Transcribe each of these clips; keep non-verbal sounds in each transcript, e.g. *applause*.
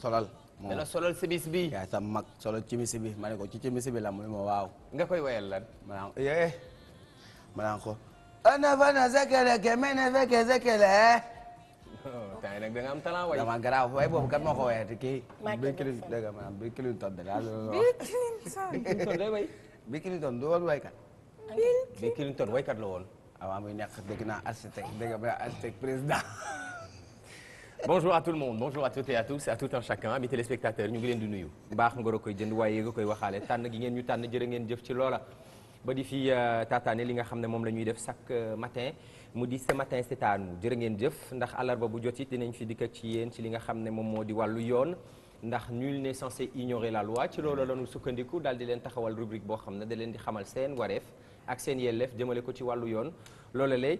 solal moom la solal simis bi yaay mag solal cimisi bi ma ne ko ci cimisi bi la mu ne ma waaw nga koy wayal lan ma naan yee eh, eh. ma naan ko ana fana zekele ke mene feke zekele eh? oh, temps yi nag da nga am talent way dama garaaw way boobu kat moo ko wayati kii Bill Clinton dégg nga maanaam Bill Clinton de laa loolu Bill Clinton day way Bill Clinton du woon waykat Bill Clinton waykat la woon avant muy nekk dégg naa architecte dégg nga architecte président *laughs* bonjour à tout le monde bonjour à toutes chacun amis téléspectateurs ñu ngi leen di nuyu mbaax nga koy jënd waaye nga koy waxaale tànn gi ngeen ñu tànn jërë ngeen jëf ci loola ba di fi euh, taataane li nga xam ne moom la ñuy def chaque euh, matin mu di ce matin c'est à nous jërë ngeen jëf ndax àllarba bu jot it dinañ fi dikk ci yéen ci li nga xam ne moom moo di wàllu yoon ndax ñu ne censé ignorer la loi ci loolu la ñu sukkandiku daal di leen taxawal rubrique boo xam ne da leen di xamal seen wareef ak seen yelleef jëmale ko ci wàllu yoon loola lay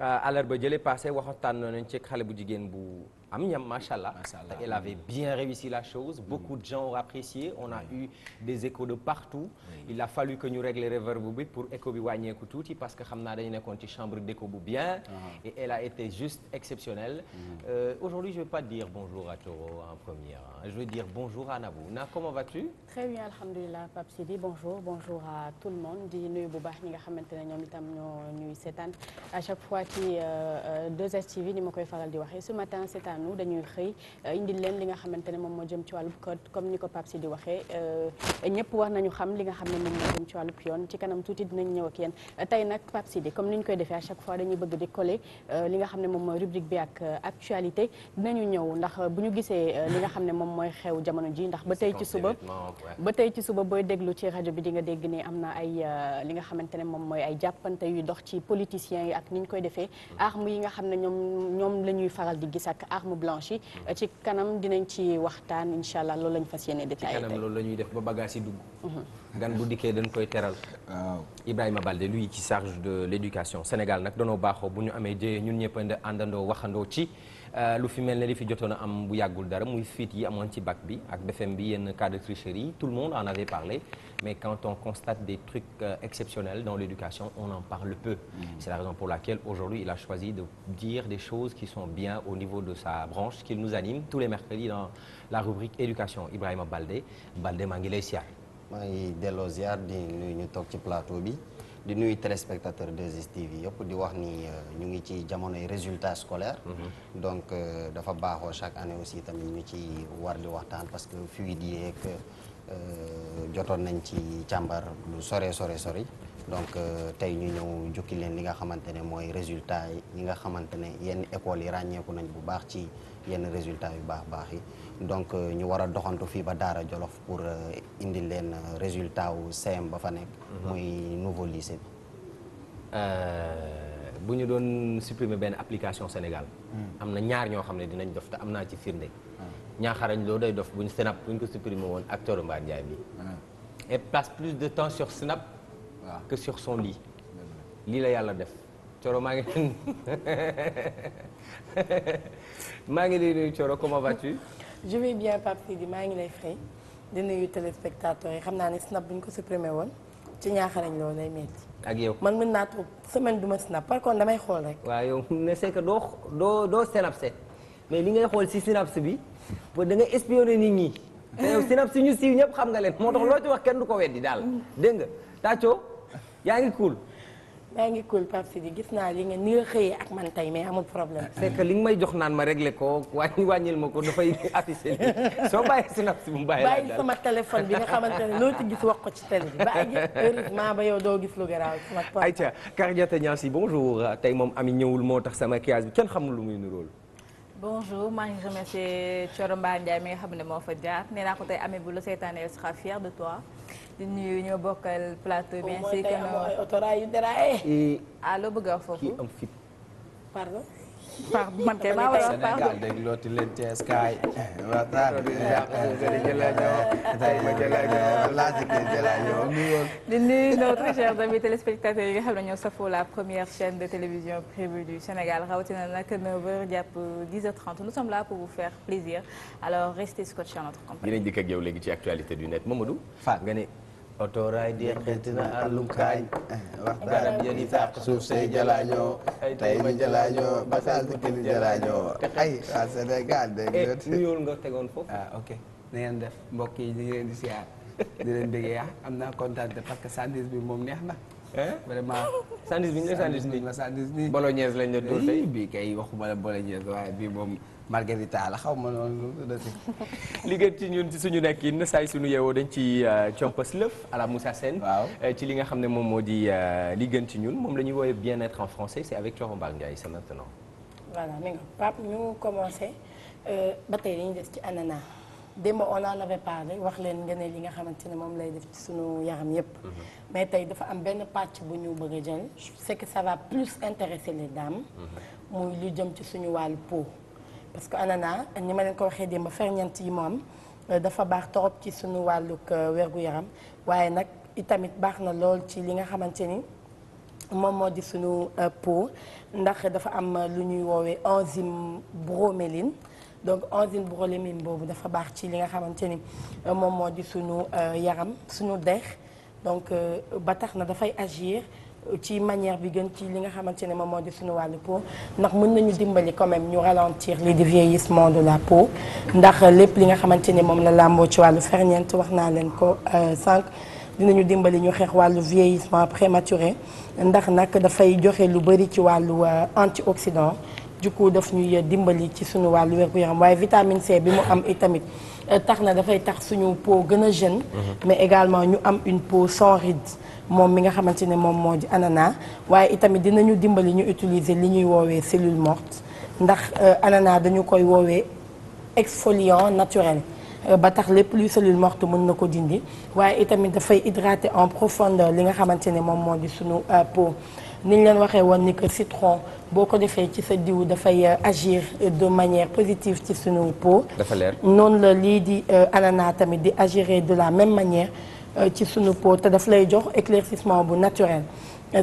euh, àllarba jële passé waxtaan nañ ci xale bu jigéen bu am ñam macha allah te elle avait bien réussi la chose mm. beaucoup de gens ont apprécié on a eu des échos de partout il a fallu que ñu régler reverb bi pour écho bi wàññeeku tuuti parce que xam naa dañu nekkoon ci chambre d'écho bu bien ah. et elle a été juste exceptionnelle mm. euh, aujourd'hui je vais pas dire bonjour à Toro en première hein. je vais dire bonjour à Nabou Na comment vas-tu très bien alhamdoulilah Pape Sidi bonjour bonjour à tout le monde di nuyu bu baax ñi nga xamante ne ñoom itam ñoo ñuy seetaan à chaque fois ci 2STV euh, euh, ni ma koy faral di waxee ce matin seetaan daanu dañuy xëy eh, indil leen li nga xamante ne moom moo jëm ci ko Pape Sidi waxee eh, ñëpp war nañu xam ñu eh, koy li nga xam ne moom mooy rubrique bi ak actualité ji ndax ba tey ci suba ba booy déglu ci rajo bi di nga dégg ni am na ay li nga xamante ne moom mooy ay jàppante yu dox ci politiciens yi ak ni ñu koy defee mm. arme yi nga xam ne ñoom ñoom la faral di gis ak arme armes blanches yi mm. ci kanam dinañ ci waxtaan incha allah loolu lañ fas yéene détaillé ci kanam loolu la ñuy def ba bagage yi dugg mm-hmm. gan bu dikkee dañ koy teral Ibrahima Baldé luy ci charge de l'éducation Sénégal nag danoo baaxoo bu ñu amee jëyee ñun ñëpp àndandoo waxandoo ci Euh, lu fi mel ne li fi jotoon a am bu yàggul dara muy fuite yi amoon ci bac bi ak BFM bi yenn cas de tricherie tout le monde en avait parlé mais quand on constate des trucs euh, exceptionnels dans l'éducation on en parle peu mm. c'est la raison pour laquelle aujourd'hui il a choisi de dire des choses qui sont bien au niveau de sa branche qu'il nous anime tous les mercredis dans la rubrique éducation Ibrahima Baldé Baldé maa ngi lay siyaar maa ngi delloo di nuyu ñu toog ci plateau bi di nuyu téléspectateur 2STV yëpp di wax ni euh, ñu ngi ci jamonoy résultat scolaire mhm. donc euh, dafa baaxoo chaque année aussi tamit ñu ci war di waxtaan parce que fuite yeeg euh, jotoon nañ ci càmbar lu sore sore sori donc tey ñu ñëw jukki leen li nga xamante ne mooy résultat yi nga xamante ne yenn écoles yi ràññeeku nañ bu baax ci yenn résultat yu baax baax yi donc euh, ñu war a doxantu fii ba Daara Jolof pour euh, indi leen euh, résultat wu CM ba fa nekk. Mhm. muy nouveau lycée bi. bu ñu doon supprimer benn application Sénégal. Hmm. am na ñaar ñoo xam ne dinañ dof te am naa ci firnde. Hmm. ñaaxarañ loo day dof buñ Snap buñ ko supprimer woon ak Thioro Mbar Ndiaye bi hmm. et passe plus de temps sur Snap. waaw que sur son lit. lii la yàlla def. Coro maa ngi *laughs* maa ngi lay nuyu Coro comment vas-tu je bien Pape Sidi maa ngi lay fay di nuyu téléspectateurs yi xam naa ne snap bu ñu ko supprimer woon ci ñaaxarañ loolu lay metti ak yow man mën naa toog semaine du ma snap par contre damay xool rek. waaw yow ne c'est que doo doo doo synapse mais li ngay xool si synapse bi ba da nga espionner nit ñi. te yow synapse ñu siiw ñëpp xam nga leen moo tax loo ci wax kenn du ko weddi daal dégg nga tàccoo yaa ngi kuul maa ngi cool Pape Sidi gis naa li nga ni nga xëyee ak man tey mais amul problème. c'est que li nga may jox naan ma réglé ko wàññi wàññil ma ko dafay affiché soo bàyyi synapse mu bàyyi la bàyyi sama téléphone bi nga xamante ne loo ci gis wax ko ci télé bi ba gis heureusement ba yow doo gis lu garaaw sama. ayca Kardiata Niass yi bonjour tey moom ami ñëwul moo tax sama maquillage bi kenn xamul lu muy nuróol. bonjour maa ngi remercier Thioro Mbaye Ndiaye mi nga xam ne moo fa jaar nee naa ko tey amee bu la seetaanee sera fier de toi di nuyu ñoo bokkal plateau bi ainsi que. au moins tey amoo ay autoraay yu déraillé. ah loo bëgg a wax foofu. kii paa man kay maa waroon paa Sénégal dégloo ti leen Thiès kaay waxtaan di nuyu nos très chers amis téléspectateurs yi nga xam ne ñoo safoo la première chaîne de télévision privée du Sénégal rawatina nag 9h jàpp 10h30 nous sommes là pour vous faire plaisir alors restez scotchés à notre compagnie. dinañ dikk ak yow léegi ci actualité du net Mamadou. Fa nga ne. otoraay di xeetina àllum kaañ waxtaan ak yéen i sàq suuf see jalaañoo tey ñu jalaañoo ba saa si kii jalaañoo te ay waa Sénégal dégg nga. Eh, nga tegoon foofu. ah ok na ngeen def mbokk yi ñu ngi leen di siyaar di leen déggee ah am naa kontaan parce que sandwich bi moom neex na. Eh? vraiment sandwich bi ñu ngi lay sandwich nii. lañ la dóor tey bii kay waxuma la bolognaise waaye bii moom. Margarita la xaw ma noonu la *laughs* li gën ci ñun ci suñu nekkin saay suñu yeewoo dañ ci euh, compas lëf à la Moussa Sène euh, ci li nga xam ne moom moo di euh, li gën ci ñun moom la ñuy woowee bien-être en français c'est avec Thioro Mbaye Ndiaye c'est maintenant voilà mi nga Pape ñu commencé ba tey dañuy def ci anana démb on en avait parlé wax leen nga ne li nga xamante ne moom lay def ci sunu yaram yépp mhm. mais tey dafa am benn pàcc bu ñu bëgg a jël c'est que ça va plus intéresser les dames mhm. muy lu jëm parce que ananas ni ma leen ko waxee démb ferñeent yi moom euh, dafa baax torop ci suñu wàllug euh, wér-gu-yaram waaye nag itamit baax na lool ci li nga xamante ni moom moo di suñu euh, peau ndax dafa am lu ñuy woowee enzyme broméline donc enzyme broméline boobu dafa baax ci li nga xamante ni moom moo di suñu yaram suñu dex donc ba tax na dafay agir ci manière bi gën ci li nga xamante ne moom moo di suñu wàllu po ndax mën nañu dimbali quand même ñu ralentir lii di vieillissement de la peau ndax lépp li nga xamante ne moom la làmboo ci wàllu ferñeent wax naa leen ko euh, sànq dinañu dimbali ñu xeex wàllu vieillissement prématuré ndax nag dafay joxe lu bëri ci wàllu euh, antioxydant du coup daf ñuy dimbali ci suñu wàllu wér-gu-yaram waaye vitamine C bi mu am itamit tax na dafay tax suñu peau gën a jeune. Mhm. mais également ñu am une peau sans rides moom mi nga xamante ne moom moo di ananas waaye itamit dinañu dimbali ñu utiliser li ñuy woowee cellule morte ndax euh, ananas dañu koy woowee exfoliant naturel. Euh, ba tax lépp luy cellule morte mën na ko dindi waaye itamit dafay hydrater en profondeur li nga xamante ne moom moo di suñu euh, peau. niñ leen waxee woon ni que citron boo ko defee ci sa diw dafay euh, agir de manière positive ci suñu peau. dafa noonu la lii di euh, ananas tamit di agir de la même manière euh, ci suñu peau te daf lay jox éclaircissement bu naturel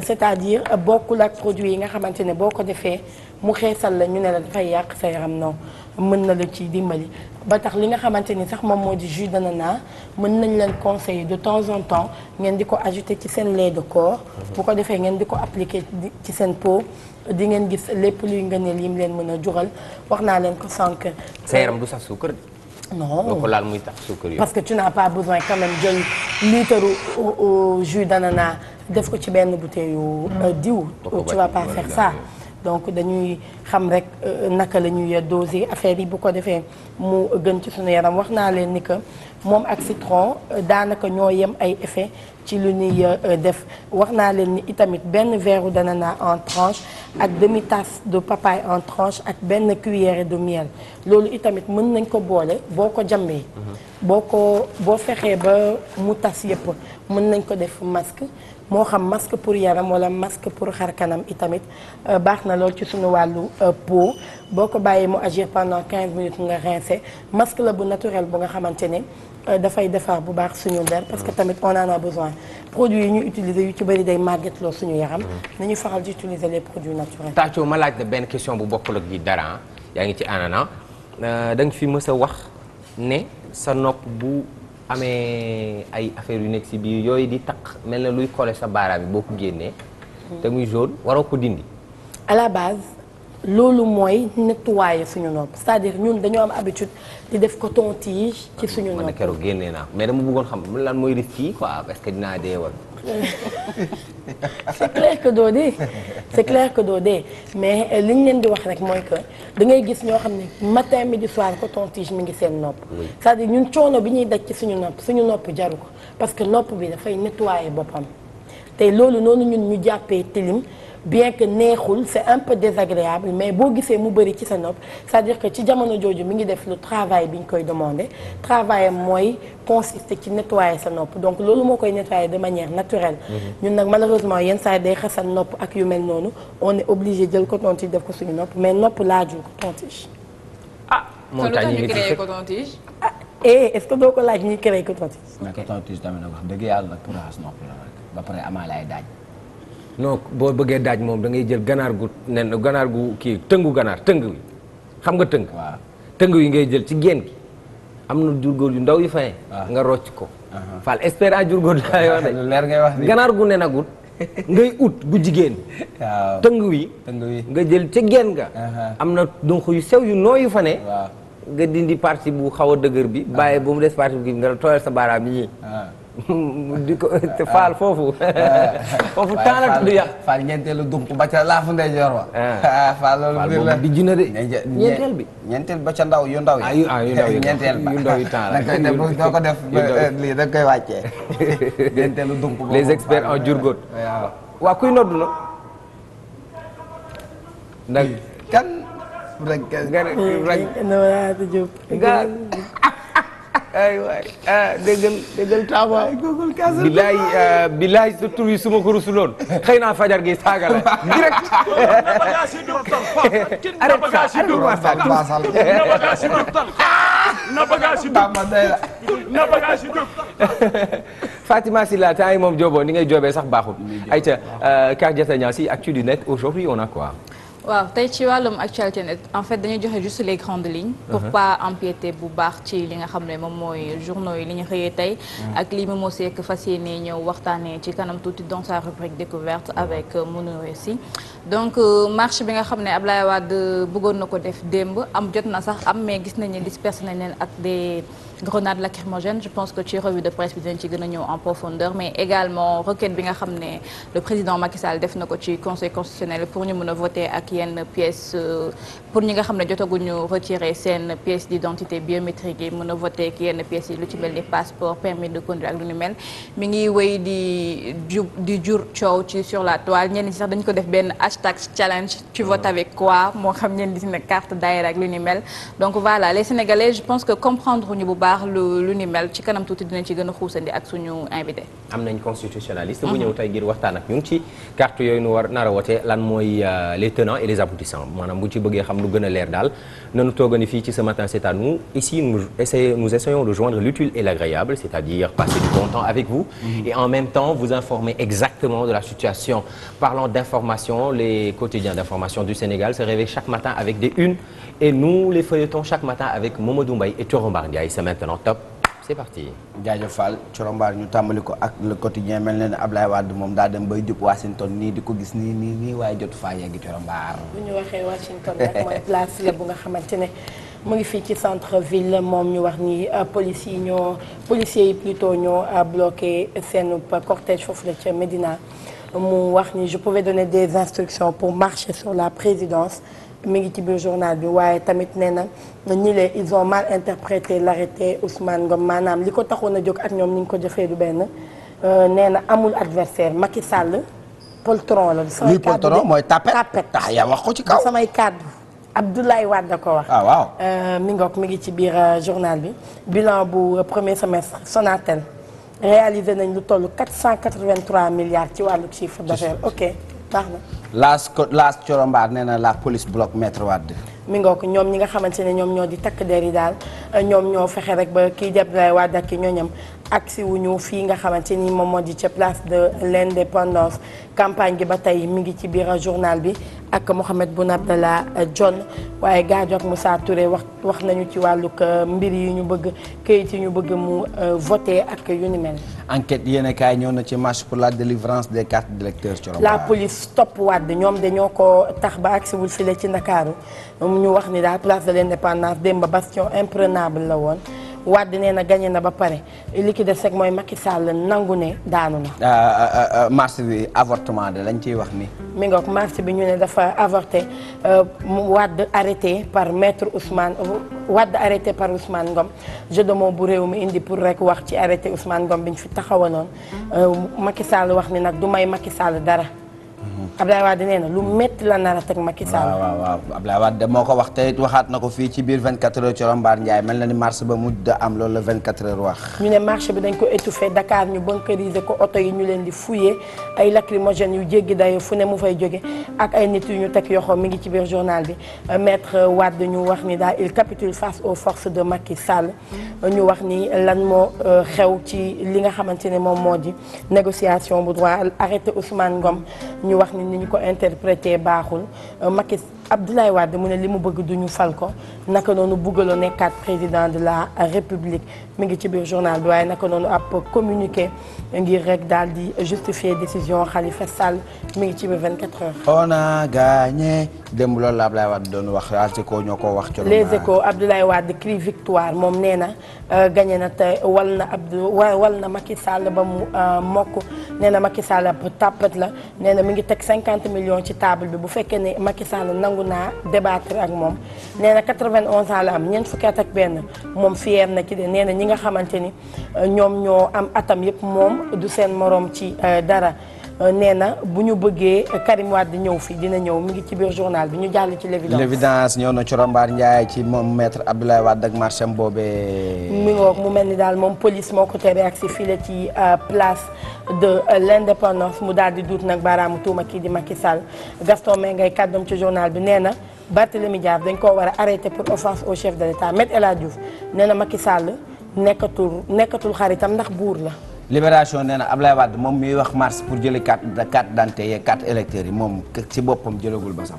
c'est-à-dire bokkul ak produit yi nga xamante ne boo ko defee. mu xeesal la ñu ne la dafay yàq sa yaram non mën na la ci dimbali ba tax li nga xamante ni sax moom moo di jus naa mën nañ leen conseiller de temps en temps ngeen di ko ajouter ci seen lait de corps bu ko defee ngeen di ko appliquer ci seen peau di ngeen gis lépp luy ngëneel yim leen mën a jural wax naa leen ko sànq sa yaram du sax suukar non doo ko laal muy tax suukar parce que tu n'as pas besoin quand même jël litre jus d'ananas def ko ci benn bouteille yu euh, diw tu vas pas faire ça donc dañuy xam rek euh, naka la ñuy doser affaire yi bu ko defee mu gën ci sunu yaram wax naa leen ni que moom ak citron euh, daanaka ñoo yem ay effet ci lu ñuy euh, def wax naa leen ni itamit benn verre d'ananas en tranche ak demi tasse de papaye en tranche ak benn cuillère de miel loolu itamit mën nañ ko boole boo ko jàmbee. Mhm. boo ko boo fexee ba mu tas yépp mën nañ ko def masque. moo xam masque pour yaram wala masque pour xar kanam itamit euh, baax na lool ci suñu wàllu euh, peau boo ko bàyyee mu agir pendant 15 minutes nga rincé masque la bu naturel bu nga xamante ne euh, dafay defar bu baax suñu der parce que tamit on en a besoin produits yi ñu utiliser yu ci bëri day màggetloo suñu yaram nañu faxal di utiliser les produits naturels Tathio ma laaj la benn question bu bokkul ak bi dara yaa ngi ci anana da nga fi mës wax ne sa nopp bu amee ay affaire yu nekk si biir yooyu di taq mel na luy kole sa baaraam bi boo ko génnee. te muy jaune waroo ko dindi. à la base loolu mooy nettoyer suñu nopp c'est-à-dire ñun dañoo am habitude di def coton tige. ci suñu nopp man keroog génnee naa mais dama bëggoon xam lan mooy risque yi quoi est-ce que dinaa dee wala c'est clair que doo dee c'est clair que doo dee mais euh, li ñu leen di wax rek mooy que da ngay gis ñoo xam ne matin midi soir coton tige mi ngi seen nopp c'est-à-dire ñun coono bi ñuy daj ci suñu nopp suñu nopp jaru ko parce que nopp bi dafay nettoyer boppam te loolu noonu ñun ñu jàppee tilim bien que neexul se un peu désagréable mais boo gisee mu bëri ci sa nopp sa à dire que ci jamono jooju mi ngi def lu travail bi ñu koy demandé travail mooy consister ci nettoyer sa nopp donc loolu moo koy nettoyer de manière naturelle. Mhm. ñun nag malheureusement yenn sa day xasal nopp ak yu mel noonu on est obligé jël coton-tige def ko suñu nopp mais nopp laa coton-tige. ah moom taa ñu ngi créé coton-tige ah eh est doo ko laaj ñuy créé coton-tige. mais coton-tige tamit nag dëgg yàlla pour raxas nopp la rek ba pare non boo bëggee daaj moom da ngay jël ganaar gu nen ganaar gu kii tëngu ganaar tëng wi xam nga tëng tëng wi ngay jël ci génn gi am na jurgóor yu ndaw yu faye nga rocc ko uh-huh. fal espère *laughs* ngay wax ganaar gu nen agut ut gu jigéen *laughs* waaw wi tëng nga jël ca génn ga uh-huh. am na dunq yu sew yu nooyu fa ne nga dindi partie bu xaw a dëgër bi uh-huh. bàyyi ba mu des partie bu kii bi nga tooyal sa baaraam yi di ko faal foofu. foofu temps la du yàq. faal ñeenteelu dump ba ca laafu ndeyjoor wa. faal loolu mbir la di jina de. ñeenteel bi ñeenteel ba ca ndaw yu ndaw yi. ah yu ah yu ndaw yi ñeenteel ba yu ndaw yi temps la. da nga koy def lii da nga koy wàccee. ñeenteelu dump boobu les experts en jurgóot. waaw waa kuy ay waay ah déggal déggal taaba google kaasal bilaay ah, bilaay sa tur yi su ma ko rusuloon xëy naa fajar gi saaga la direct arrête ça arrête waa ça na bagage yi dog na bagage yi dog na bagage yi dog Fatima Silla temps yi moom jooboo ni ngay joobee sax baaxul ayca euh, Kar Diatta Niasse si actu du net aujourd'hui on a quoi waaw tey ci wàllum actualité net en fait dañuy joxe juste les grandes lignes. pour uh-huh. pas bu baax ci li nga xam ne moom mooy journaux yi li ñu xëyee tey. Mm. ak lii moom moo sekk fas yéene ñëw waxtaanee ci kanam tuuti dans sa rubrique découverte avec euh, Mounirou Sy donc euh, marche bi nga xam ne ab Ablaye Wade euh, bëggoon na ko def démb am jot na sax am mais gis ne dispersé nañ leen ak des. grenade lacrymogène je pense que ci revue de presse bi dinañ ci gën a ñëw en profondeur mais également requête bi nga xam ne le président Macky Sall def na ko ci conseil constitutionnel pour ñu mën a voter ak yenn pièces euh, pour ñi nga xam ne jotaguñu retirer seen pièces d'identité biométrique yi mën a voter ak yenn pièces lu ci mel ni passeport permis de conduire ak lu ni mi ngi wéy di ju di jur coow ci sur la toile ñenn ñi sax dañ ko def benn hashtag challenge tu votes avec moo xam ñenn di si ne carte daayira ni mel xaar lu lu ni mel tuuti dinañ ci gën a xuusandi ak suñu invité. am nañ constitutionnaliste. Mhm. ak ñun ci carte yooyu nu war nar a wote lan euh, xam lu gën a leer daal nanu fii ci ce matin c'est à nous ici nous essayons nous essayons de joindre l'utile et l'agréable c'est-à-dire passer du bon temps avec vous. Mhm. en même temps vous informer exactement de la situation parlant d'information les quotidiens d'information du Sénégal se réveillent chaque matin avec des unes et nous les feuilletons chaque matin avec Mamadou Mbaye et Thioro Mbar Ndiaye ce matin. maintenant top c'est parti. jaajëf corombaar ñu tàmbali ko ak le quotidien mel na ne Ablaye Wade moom daal dem bay jub Washington nii di ko gis nii nii nii waaye jot faa yegg corombaar. bu ñu waxee Washington nag mooy bu nga xamante ne. mu ngi fii ci centre ville moom ñu wax ni euh, policiers yi ñoo policiers yi plutôt ñoo euh, bloqué seen cortège foofu la ca Médina mu wax ni je pouvais donner des instructions pour marcher sur la présidence. mi ngi ci biir journal bi waaye tamit nee na ñi lee ils ont mal interprété l'arrêté Ousmane Ngom maanaam li ko taxoon a jóg ak ñoom ni nga ko jëfee du benn euh, nee na amul adversaire Macky Sall poltron la. luy poltron mooy tapet tax ah, yaa wax ko ci kaw samay kàddu Abdoulaye Wade ko wax. ah waaw euh, mi ngoog mi ngi ci biir euh, journal bi bilan bu premier semestre Sonatel réalisé nañ lu toll 483 milliards ci wàllu chiffre d'affaires ok. baax na laas laas corombaar nee na la police bloque maître Wade mi ngook ñoom ñi nga xamante ne ñoom ñoo di takk der yi daal ñoom ñoo fexe rek ba kii jàpp Abdoulaye Wade ak ki ñooñam agsi wuñu fii nga xamante ni moom moo di ca place de l'indépendance campagne gi ba tey mu ngi ci biir journal bi ak Mohamed Boun Abdallah Dionne waaye Gadiack Moussa Touré wax wax nañu ci wàllu wàllug mbir yi ñu bëgg kayit yi ñu bëgg mu euh, voté ak yu ni mel. enquete yéen kaay ñoo na ci marche pour la délivrance des cartes d'électeurs la police topp wàdd ñoom dañoo ko tax ba agsiwul file ci Ndakaaru ñu wax ni daal place de l'indépendance démb bastion imprenable la woon. Wade nee na gagné na ba pare li ki des rek mooy Macky Sall nangu ne daanu na. Euh, euh, euh, marche bi avortement de lañ ciy wax ni mi ngoog marche bi ñu ne dafa avorté Wade arrêté par maître Ousmane Wade arrêté par Ousmane Ngom jeu de mots bu réew mi indi pour rek wax ci arrêté Ousmane Ngom bi ñu fi taxawanoon Macky Sall wax ni nag du may Macky Sall dara. Abdoulaye Wade nee na lu métti la nar a teg Macky Sall. waaw waaw waaw Abdoulaye Wade moo ko wax te waxaat na ko fii ci biir 24 heures Thioro Mbar Ndiaye mel na ni marché ba mujj da am loolu wax. ñu ne marché bi dañ ko étouffé Dakar ñu bunkeriser ko oto yi ñu leen di fouillé ay lacrymogènes yu jéggi dayo fu ne mu fay jóge ak ay nit yu ñu teg yoxoo mi ngi ci biir journal bi euh, maître Wade ñu wax ni daal il capitule face aux forces de Macky Sall. ñu wax ni lan moo euh, xew ci li nga xamante ne moom moo di négociation bu droit arrêté Ousmane Ngom ñu ni ñu ko interprété baaxul euh, Macky Abdoulaye Wade mu ne li mu bëgg duñu fal ko naka noonu buggaloo nekkaat président de la république mi ngi ci biir journal bi waaye naka noonu ab communiqué ngir rek daal di justifier décision Khalifa Sall mi ngi ci biir 24 heures. on a gagné loolu la Abdoulaye Wade doon wax Les ñoo ko wax. ci Les Échos Abdoulaye Wade cri victoire moom nee na euh, gagné na te wal na Abdou wal na Macky Sall ba mu euh, mokk nee na Macky Sall ab tàppat la nee na mi ngi teg 50 millions ci table bi bu fekkee ne Macky Sall nangu. nangu naa débattre ak moom nee na 91 ans la am ñeent fukki at ak benn moom fier na ci de nee na ñi nga xamante ni euh, ñoom ñoo am atam yëpp moom du seen moroom ci euh, dara Euh, nee na bu ñu bëggee euh, Karim Wade ñëw fii dina ñëw mu ngi ci biir journal bi ñu jàll ci l'évidence l'évidence ñëw na ci Rombar Ndiaye ci moom maître Abdoulaye Wade ak marcham boobee mi ngi wax mu mel ni daal moom police moo ko tere ak si file ci euh, place de l'indépendance mu daal di duut nag baaraamu tuuma kii di Macky Sall Gaston Mbengue kàddoom ci journal bi nee na Barthélémy Dias dañ koo war a arrêté pour offense au chef de l'État Maître El Hadji Diouf nee na Macky Sall nekkatul nekkatul xaritam ndax buur la libération nee na Ablaye Wade moom miy wax mars pour jëlee carte carte d'identité yeeg carte électeurs yi moom ci boppam jëlagul ba sax.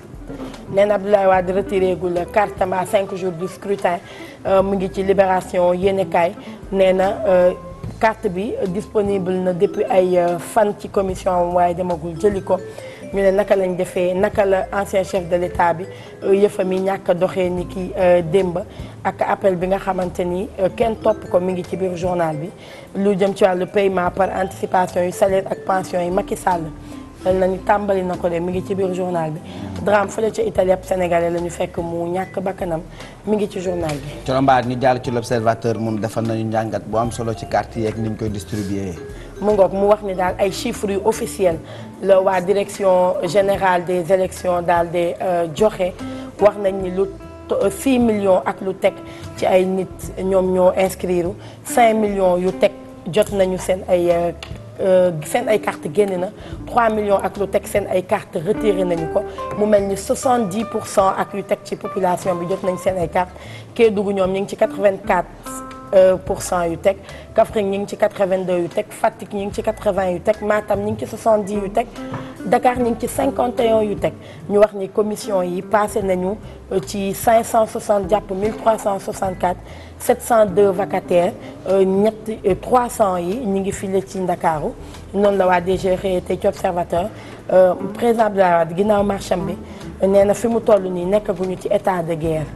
nee na Abdoulaye Wade retiré gul carte am à cinq jours du scrutin euh, mu ngi ci libération yéenekaay nee na euh, carte bi disponible na depuis ay euh, fan ci commission waaye demagul jëli ko. ñu ne naka lañ defee naka la ancien chef de l'état bi euh, yëfam yi ñàkk a doxee ni ki euh, démb ak appel bi nga xamante ni euh, kenn topp ko mu ngi ci biir journal bi lu jëm ci wàllu paiement par anticipation yu salaire ak pension yi Macky Sall mel na ni tàmbali na ko de mi ngi ci biir journal bi drame fële ca Italie ab sénégalais la ñu fekk mu ñàkk bakkanam mi ngi ci journal bi. Colombaar ñu jàll ci l'observateur moom defal nañu njàngat bu am solo ci quartier yeeg ni ñu koy distribuer. mu ngoog mu wax ni daal ay chiffres yu officiels la waa direction générale des élections daal di euh, joxe wax nañ ni lu. 6 euh, millions ak lu teg ci ay nit ñoom ñoo inscrire 5 millions yu teg jot nañu seen ay euh, Euh, seen ay carte génne na 3 millions ak lu teg seen ay carte retiré nañu ko mu mel ni 70 pour cent ak lu teg ci population bi jot nañ seen ay carte Kédougou ñoom ñu ngi ci 84 euh, pour cent yu teg Kaffrine ñu ngi ci 82 yu teg Fatick ñu ngi ci 80 yu teg Matam ñu ngi ci 70 yu teg Dakar ñu ngi ci 51 yu teg ñu wax ni commission yi passé nañu euh, ci 560 jàpp 1364 702 vacataires euh, euh, trois 300 yi ñu ngi file ci Ndakaaru noonu la waa DG xëyatee te observateur euh, président bi la waat ginnaaw marcham bi nee na fi mu toll nii nekkaguñu ci état de guerre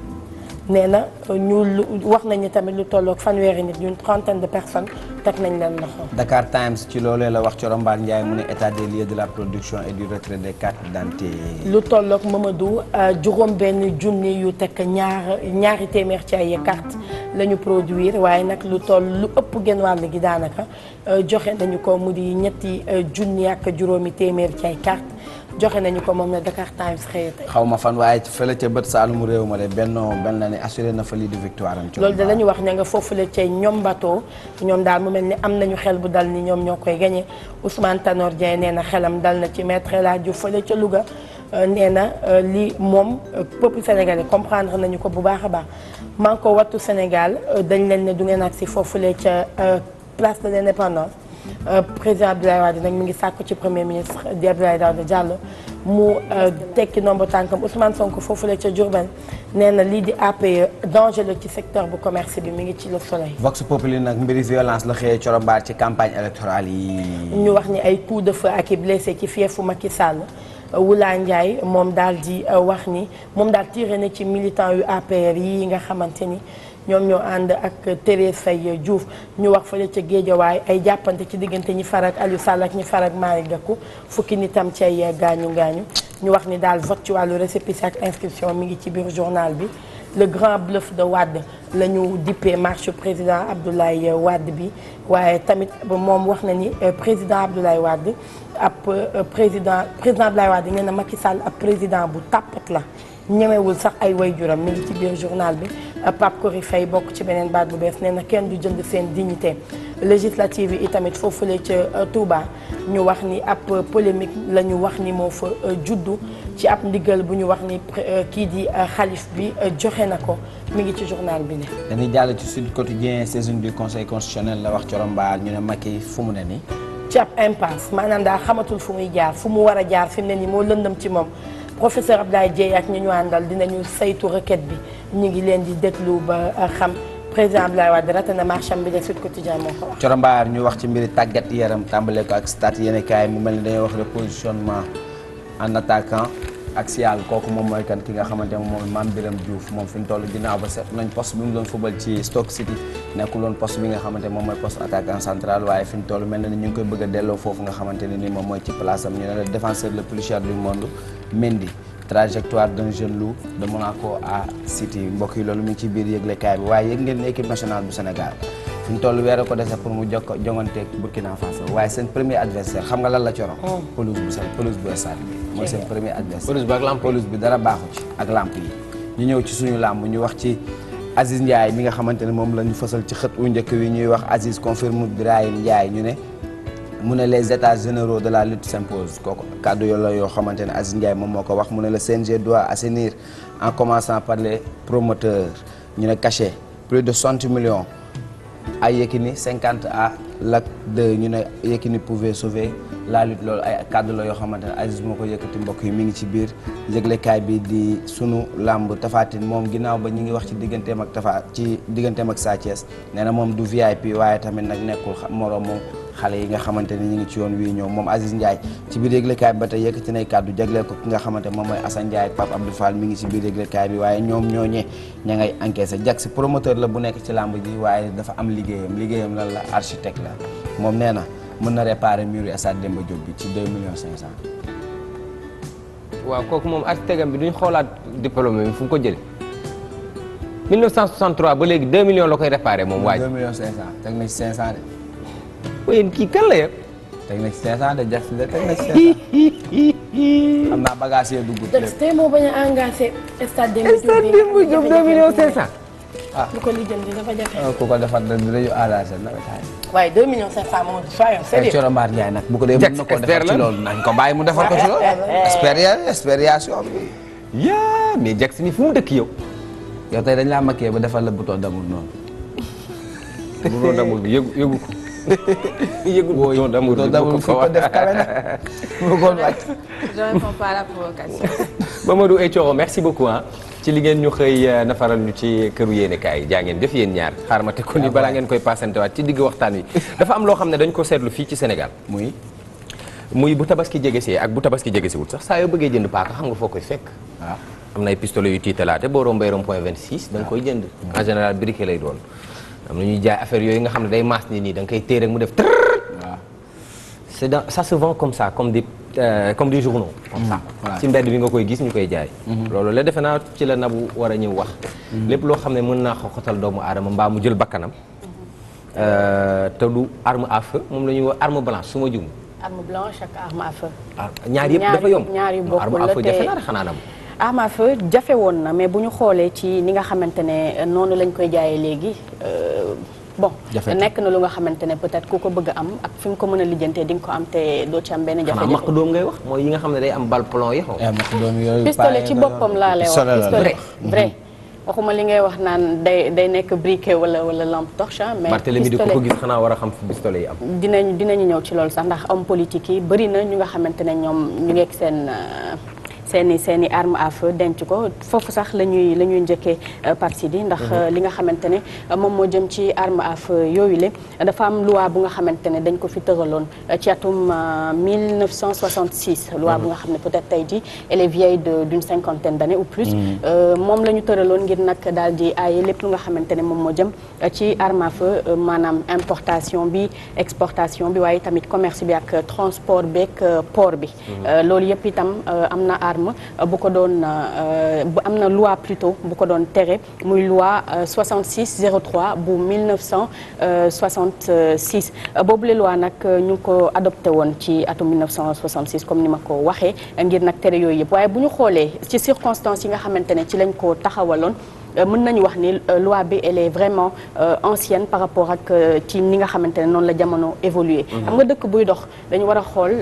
nee na ñu lu wax nañu tamit lu tollook fanweeri nit ñu trentaine de personnes teg nañ leen loxo. Dakar Times ci loolee la wax Coro Mbaar Ndiaye mu ne état des lieux de la production et du retrait de cartes d'identité. lu tollook du juróom benn junni yu teg ñaar ñaari téeméer ci ay carte la ñu produire waaye nag lu toll lu ëpp genn wàll gi daanaka euh, joxe nañu ko mu di ñetti euh, junni ak juróomi téeméer ci ay carte joxe nañu ko moom la Dakar Times xëy tey. xaw ma fan waaye fële ca bët saalumu réew ma de benn benn la ne assuré na fa lii di victoire ci loolu da la ñu wax ne nga foofu la cay ñoom bateau ñoom daal mu mel ni am nañu xel bu dal ni ñoom ñoo koy gagné Ousmane Tanor Dieng nee na xelam dal na ci metre El Hadj fële ca Louga. Euh, nee na euh, li moom euh, peuple sénégalais comprendre nañu ko bu baax a baax man ko wattu Sénégal dañ leen ne du ngeen foofu foofule ca place de l'indépendance président Abdoulaye Wade nag mi ngi sàkku ci premier ministre di Abdoulaye Daouda Diallo mu tekki nombre tànkam Ousmane foofu foofule ca Diourbel nee na lii di APE danger la ci secteur bu commerce bi mi ngi ci le soleil. Vox Populi nag mbiri violence la xëyee corombaar ci campagne électorale yi. ñu wax ni ay coups de feu ak i blessé ci fiefu Macky Wula Ndiaye moom daal di euh, wax ni moom daal tiré na ci militant yu APR yi nga xamante ni ñoom ñoo ànd ak Thérèse Faye Diouf ñu wax fële ca Géejawaay ay jàppante ci diggante ñi farak Aliou Sall ak ñi farak Malick Gakou fukki nitam ci gaañu gaañu ñu wax ni daal vote ci wàllu récépissé ak inscription mi ngi ci biir journal bi le grand bluff de Wade la ñu dippee marche président Abdoulaye Wade bi waaye tamit moom wax na ni euh, président Abdoulaye Wade ab euh, président président Abdoulaye Wade nee na Macky Sall ab président bu tàppat la ñemewul sax ay way waajuram mi ngi ci biir journal bi Pape Kory fay bokk ci beneen baat bu bees nee na kenn du jënd seen dignité législative yi tamit foofule ca euh, Touba ñu wax ni ab euh, polémique la ñu wax ni moo fa juddu ci ab ndigal bu ñu wax ni kii di xalif bi joxe na ko mi ngi ci journal bi ne dañuy jàll ci Sud Quotidien saison du conseil constitutionnel la wax corombaar ñu ne Macky fu mu ne nii ci ab impasse maanaam xamatul fu muy jaar fu mu war jaar fi mu ne nii moo lëndëm ci moom professeur Abdoulaye Dieye ak ñu ñu àndal dinañu saytu requête bi ñu ngi leen di déglu ba euh, xam président Abdoulaye Wade raté na marcham bi de Sud Quotidien moo ko wax. Coro ñu wax ci mbiri tàggat yaram tàmbale ko ak stade yeneen kaay mu mel ni dañoo wax repositionnement en attaquant. ak Sial kooku moom mooy kan ki nga xamante ne moom Mame Birame Diouf moom fi mu toll ginnaaw ba seet nañ poste bi mu doon nga xamante moom mooy poste attaquant central waaye fi mu toll ni ñu ngi koy bëgg a delloo foofu nga xamante ne ni moom mooy ci place am ñu ne la défenseur du monde Mendy trajectoire d'un jeune loup de Monaco à City mbokk loolu mu ci biir yëglekaay bi waaye yëg ngeen ne équipe nationale bu Sénégal fi mu toll weer ko dese pour mu jokk jonganteeg Burkina Faso waaye seen premier adversaire xam nga lan la coro oh. pelouse bu seen pelouse bu stade bi mooy seen premier adversaire pelouse bi ak dara baaxu ci ak lamp yi ñu ñëw ci suñu làmb ñu wax ci Aziz Ndiaye mi nga xamante ne moom la ñu fësal ci xët wu njëkk wi ñuy wax Aziz confirme Birahim Ndiaye ñu ne mu ne les états généraux de la seen s'imposent kooku kàddu yoo la yoo xamante ne Aziz moom moo ko wax mu ne le CNG doit assainir en commençant par les ñu ne cachet plus de 60 millions ay Yekini cinquante à Lac 2 ñu ne Yekini pouvait sauver la lutte loolu ay kàddu la yoo xamante ne Aziz moo ko yëkkati mbokk yi mi ngi ci biir yëglekaay bi di sunu làmb Tafatine moom ginnaaw ba ñu ngi wax ci digganteem ak tafaa ci digganteem ak Sa Thiès nee na moom du VIP waaye tamit nag nekkul moromu. xale yi nga xamante ni ñu ngi ci yoon wii ñoom moom Aziz Ndiaye ci biir yëglekaay bi ba tey yëkkati nay kàddu jagleel ko ki nga xamante moom mooy Assane Ndiaye ak Pape Abdou Fall mi ngi ci biir yëglekaay bi waaye ñoom ñooñee ña ngay encaissé jag si promoteur la bu nekk ci làmb ji waaye dafa am liggéeyam liggéeyam lan la architecte la moom nee na mën na réparer mur yi stade Demba Diop bi ci 2 millions 500. waaw kooku moom architecte am bi duñ xoolaat diplôme bi fu mu ko jëlee. 1963 ba léegi 2 millions la koy réparé moom. waaj 2 millions 500 teg na ci 500 yéen kii kan la yëpp. teg na ci de Jax de teg na ci 500. xam naa bagage yee moo bañ a engagé stade ah. ko lijjanti dafa jafe. Ah, ku ko defar da dañu waaye 2 millions 500 moom soyam sérieux. ko dee mën na ko defar ci loolu nañ ko bàyyi mu defar ko ci loolu. Eh, eh, eh. expérience expériation bi. yaa mi fu mu dëkk yow. yow tey dañ laa makkee ba defal la bouton damul noonu. yëgul bouton d'amour bi bu ko ko def kawe na bëggoon wàcc. je réponds pas à merci beaucoup ci li ngeen ñu xëy euh, nafaral ñu ci këru yéenekaay yi jaa ngeen jëf yéen ñaar xaar ma te kon ni balaa ngeen koy waat ci digg waxtaan wi. dafa am loo xam ne dañ ko seetlu fii ci Sénégal. muy muy bu tabaski jegesee ak bu tabaski jegesi wut sax saa yoo bëggee jënd paaka xam nga foo koy fekk. Ah. am na ay pistolet yu tiitalaate boo rombee rond point 26. da nga koy jënd ah. en général briquet lay doon. am na ñuy jaay affaire yooyu nga xam ne day maas ni nii da koy téye rek mu def tër. waaw c'est dans ça comme ça comme di euh, comme des journaux. comme ça ci mbedd bi nga koy gis ñu koy jaay. Mhm. loolu la defe naa ci la nabu war a ñëw wax. Mhm. lépp loo xam ne mën naa xoxotal doomu aadama mbaa mu jël bakkanam. Euh, te du arme à moom la ñuy wax arme blanche su ma jum. arme blanche ak arme à ah, ñaar yëpp dafa yomb ñaar yu bokkul la te arme à feu arme feu jafe woon na mais bu ñu xoolee ci ni nga xamante ne euh, noonu lañ koy jaayee léegi euh, bon nekk na lu nga xamante ne peut-être ku ko bëgg am ak fi nga ko mën a lijjantee di nga ko am te doo ci am benn jafe-jafe maq doom ngay wax mooy yi nga xam ne day am bal plomb yi eh, maq ci boppam laa lay wax pistolet vrai mhm. waxuma li ngay wax naan day day nekk briquet wala wala lampe torche mais Barthélemy di ko gis xanaa war a xam fi pistolet yi am dinañ dinañu ñëw ci loolu sax ndax homme politique yi bëri na ñu nga xamante ne ñoom ñu ngeeg seen euh, seen i seen arme à feu denc ko foofu sax la ñuy la ñuy njëkkee euh, Pape Sidi ndax mhm. euh, li nga xamante ne euh, moom moo jëm ci arme à feu yooyu le dafa am loi bu nga xamante ne dañ ko fi tëraloon ci atum 1966 mhm. loi bu nga xam ne peut-être tey jii elle est vieille de d'une cinquantaine d'années ou plus mhm. moom la ñu tëraloon nag daal di aaye lépp lu nga xamante ne moom moo jëm ci arme à maanaam importation bi exportation bi waaye tamit commerce bi ak transport beeg port bi loolu yëpp itam am na arme norme euh, bu ko doon euh, bu am na loi plutôt bu ko doon tere muy loi 66 euh, 03 bu boobu boobule loi nag ñu ngi ko adopté woon ci atum 1966 comme ni ma ko waxee ngir nag tere yooyu yëpp waaye bu ñu xoolee ci circonstances yi nga xamante ne ci lañ ko taxawaloon Euh, mën nañu wax ni euh, loi bi elle est vraiment euh, ancienne par rapport ak ci ni nga xamante ne noonu la jamono évolué. Mhm. xam nga dëkk buy dox dañu war a xool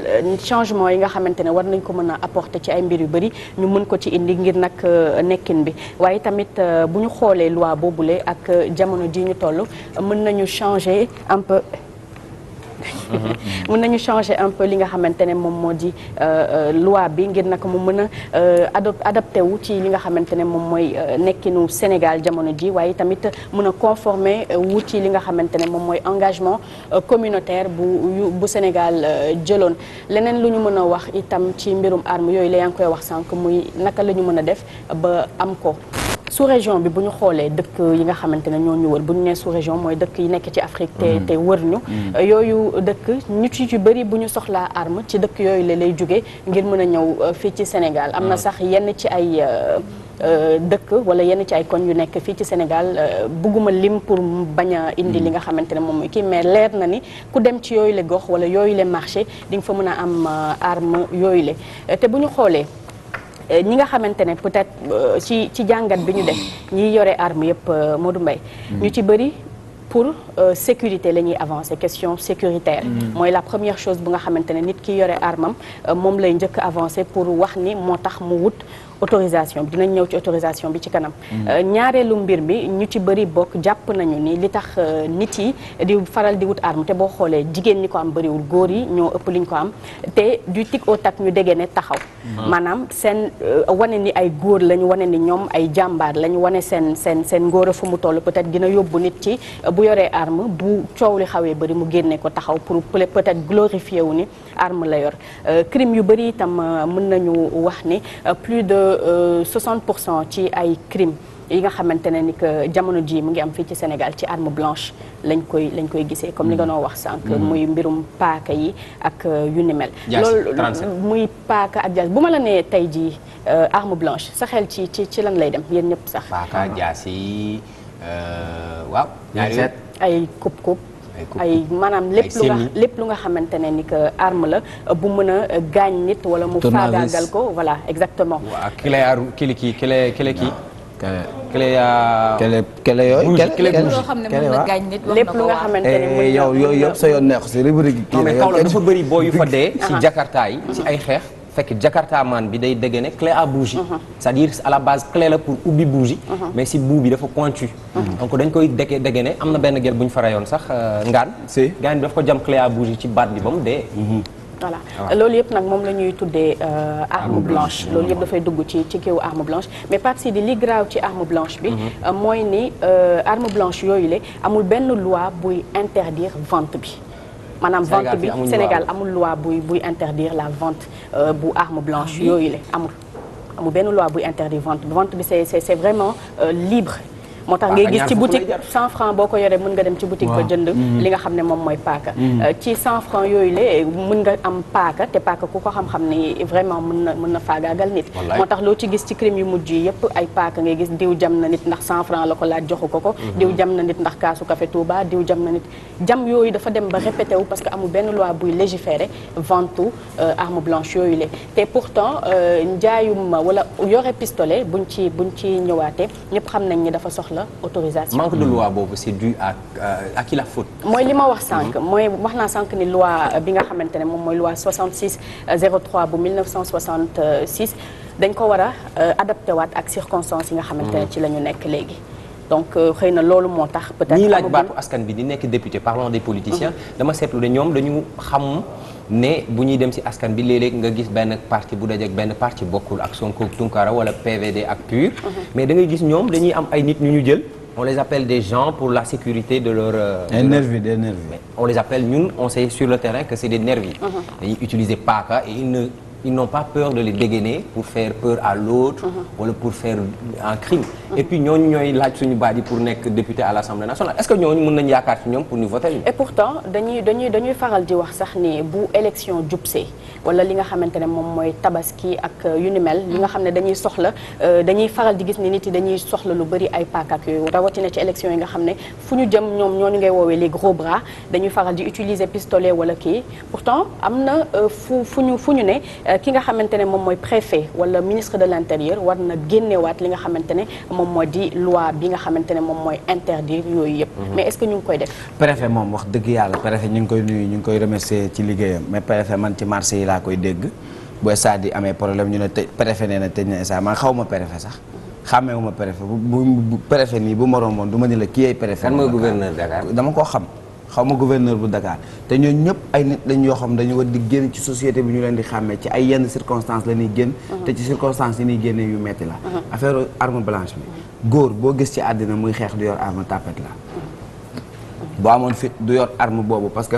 changement yi nga xamante ne war nañ ko mën a apporter ci ay mbir yu bëri ñu mën ko ci indi ngir nag nekkin bi waaye tamit bu ñu xoolee loi boobule ak jamono ji ñu toll mën nañu changer un peu. Mm-hmm. mën nañu changer un peu li nga xamante ne moom moo di euh, euh, loi bi ngir nag mu mën a euh, adop adapté wu ci li nga xamante ne moom mooy nekkinu Sénégal jamono ji waaye tamit mun a conformer wu ci li nga xamante ne moom mooy engagement communautaire bu bu Sénégal jëloon leneen lu ñu mën a wax itam ci mbirum arme yooyu la yaa ngi koy wax sànq muy naka la ñu mën a def ba am ko sous région bi bu ñu xoolee dëkk yi nga xamante ne ñoo wër bu ñu nee sous région mooy dëkk yi nekk ci Afrique te mm-hmm. te wër ñu mm-hmm. euh, yooyu dëkk ñu ci ci bëri bu ñu soxlaa arme ci dëkk yooyu lee lay jóge ngir mën a ñëw euh, fii ci Sénégal am na ah. sax yenn ci ay euh, dëkk wala yenn ci ay koñ yu nekk fii ci Sénégal bugguma lim pour bañ a indi mm-hmm. li nga xamante ne moom kii mais leer na ni ku dem ci yooyu le gox wala yooyu lee marché di nga fa mën a am arme yooyu le te bu ñu xoolee Euh, ñi nga xamante ne peut-être euh, ci ci jàngat bi ñu def ñiy yore arme yëpp euh, Modou mbay mm. ñu ci bëri pour sécurité la ñuy avancer question sécuritaire mm. mooy la première chose bu nga xamante ne nit kiy yore armam moom lay njëkk avancé pour wax ni moo tax mu wut autorisation bi dinañ ñëw ci autorisation bi ci kanam. Mm. Euh, ñaareelu mbir bi ñu ci bëri bokk jàpp nañu ni li tax euh, nit yi di faral di wut arm te boo xoolee jigéen ñi ko am bariwul góor yi ñoo ëpp liñ ko am te du tic au tac ñu déggee ne taxaw. Mm. maanaam seen euh, wane ni ay góor lañu wane ni ñoom ay jàmbaar lañu wane seen seen seen ngóor fu mu toll peut-être dina yóbbu nit ci bu yoree arme bu coow li xawee bëri mu génne ko taxaw pour peut-être glorifier wu ni. arme la yor euh, crime yu bëri itam euh, mën nañu wax ni euh, plus de 60 pour cent ci ay crime yi nga xamante ne ni que jamono ji mu ngi am fii ci Sénégal ci arme blanche lañ koy lañ koy gisee comme li nga noo wax sànq. Mm-hmm. muy mbirum paaka yi ak yu ni mel. muy paaka ak jaas bu ma la nee tey jii arme blanche sa xel ci ci ci lan lay dem yéen ñëpp sax. paaka jaas yi waaw. ay coupe coupe. ay maanaam lépp lu nga lépp lu nga xamante ne ni que arme la euh, bu mën a euh, gaañ nit wala mu faagaagal ko voilà exactement waaw clé arme clé kii clé clé kii clé yaa clé yooyu clé loo xam ne mën na gaañ nit lépp lu nga xamante ne eh, yow yooyu yëpp sa yoon neex si rubrique kii mais kaw la dafa bëri boo yu fa dee si ah. jakarta yi si ay xeex fekk jakarta maan bi day dégg ne clé à bougie mhm. c'est-à-dire à la base clé la pour ubbi bougie mhm. mais si bout bi dafa pointu mhm. donc dañ koy dégg dégg ne am na benn gel bu ñu fa reyoon sax euh, ngaan gaan bi daf ko jam clé à ci baat bi ba mu dee voilà loolu yëpp nag moom la ñuy tuddee euh, arme blanche loolu yëpp dafay dugg ci ci kéwu arme blanche mais Pape Sidi li graaw ci arme blanche bi euh, mooy ni arme blanche yooyu le amul benn loi buy interdire vente bi maanaam vente bi Sénégal amul loi buy buy interdire la vente euh, bu arme blanche ah yooyu le amul amul benn loi buy interdire vente vente bi c'est c'est vraiment euh, libre moo tax ngay gis ci boutique 100 francs boo ko yoree mën nga dem ci boutique ba jënd mm-hmm. li nga xam ne moom mooy paaka mm-hmm. euh, ci 100 francs yooyu le mën nga am paaka te paaka ku ko xam-xam ni vraiment mën na mën na faagaagal nit moo tax loo ci gis ci crime yu mujj yi yëpp ay paaka ngay gis diw jam na nit ndax 100 francs la ko laaj joxu ko ko mm-hmm. diw jam na nit ndax kaasu café Touba diw jam na nit jam yooyu dafa dem ba répété wu parce que amu benn loi buy légiférer vente euh, arme blanche yooyu le te pourtant euh, njaayum wala yore pistolet buñ ci buñ ci ñëwaatee ñëpp xam nañ ni dafa soxla soxla autorisation. manque de loi boobu c'est dû à euh, à faute. mooy li ma wax sànq mhm. mooy wax naa sànq ni loi euh, bi nga xamante ne moom mooy loi 66 03 euh, bu 1966 dañ ko war a adapté waat ak circonstances yi nga xamante ne mhm. ci la ñu nekk léegi. donc xëy na loolu moo tax. peut-être ñiy laaj baatu askan bi di nekk député parlant des politiciens. Mhm. dama seetlu ne ñoom dañu xam. ne bu ñuy dem si askan bi léeg-léeg nga gis benn parti bu dajeek benn parti bokkul ak Sonko Tunkara wala PVD ak PUR. Mhm. mais da ngay gis ñoom dañuy am ay nit ñu ñu jël. on les appelle des gens pour la sécurité de leur. Euh, des nervis des nervis. on les appelle ñun on sait sur le terrain que c'est des nervis. Mhm. dañuy utiliser paaka et ils ne ils n'ont pas peur de les dégainer pour faire peur à l'autre uh-huh. wala pour faire un crime uh-huh. et puis ñooñu ñooy laaj suñu baat yi pour nekk député à l'Assemblée nationale est-ce que ñooñu mën nañu yaakaar ci ñoom pour ñu voter et pourtant dañuy dañuy dañuy faral di wax sax ni bu élection jubsee wala li nga xamante ne moom mooy tabaski ak euh, yu ni mel nga xam ne dañuy soxla euh, dañuy faral di gis ni nit yi dañuy soxla lu bëri ay paak ak yooyu rawatina ci élection yi nga xam ne fu ñu jëm ñoom ñooñu ngay woowee les gros bras dañuy faral di utiliser pistolet wala kii pourtant am na euh, fu fu ñu fu ñu ne Euh, ki nga xamante ne moom mooy préfet wala ministre de l'intérieur war na génnewaat li nga xamante ne moom moo di loi bi nga xamante ne moom mooy interdire yooyu yëpp. Mhm. mais est-ce ñu ngi koy def. préfet moom dëgg yàlla préfet ñu ngi koy ngi koy remercier ci liggéeyam mais préfet man ci marché laa koy dégg bu stade yi amee problème ñu ne tëj préfet nee na tëj na stade man xaw ma préfet sax. xàmmeewuma préfet bu bu préfet nii bu moromoon du ma ne la kii ay préfet. kan mooy dama koo xam. xaw ma gouverneur bu Dakar te ñooñu ñëpp ay nit lañ yoo xam dañu war di génn ci société bi ñu leen di xàmmee ci ay yenn circonstances la ñuy génn. Uh-huh. te ci circonstances yi ñuy génnee yu metti la. Uh-huh. affaire arme blanche bi góor boo gis ci àddina muy xeex du yor arme tàppet la. Uh-huh. boo amoon fit du yor arme boobu parce que.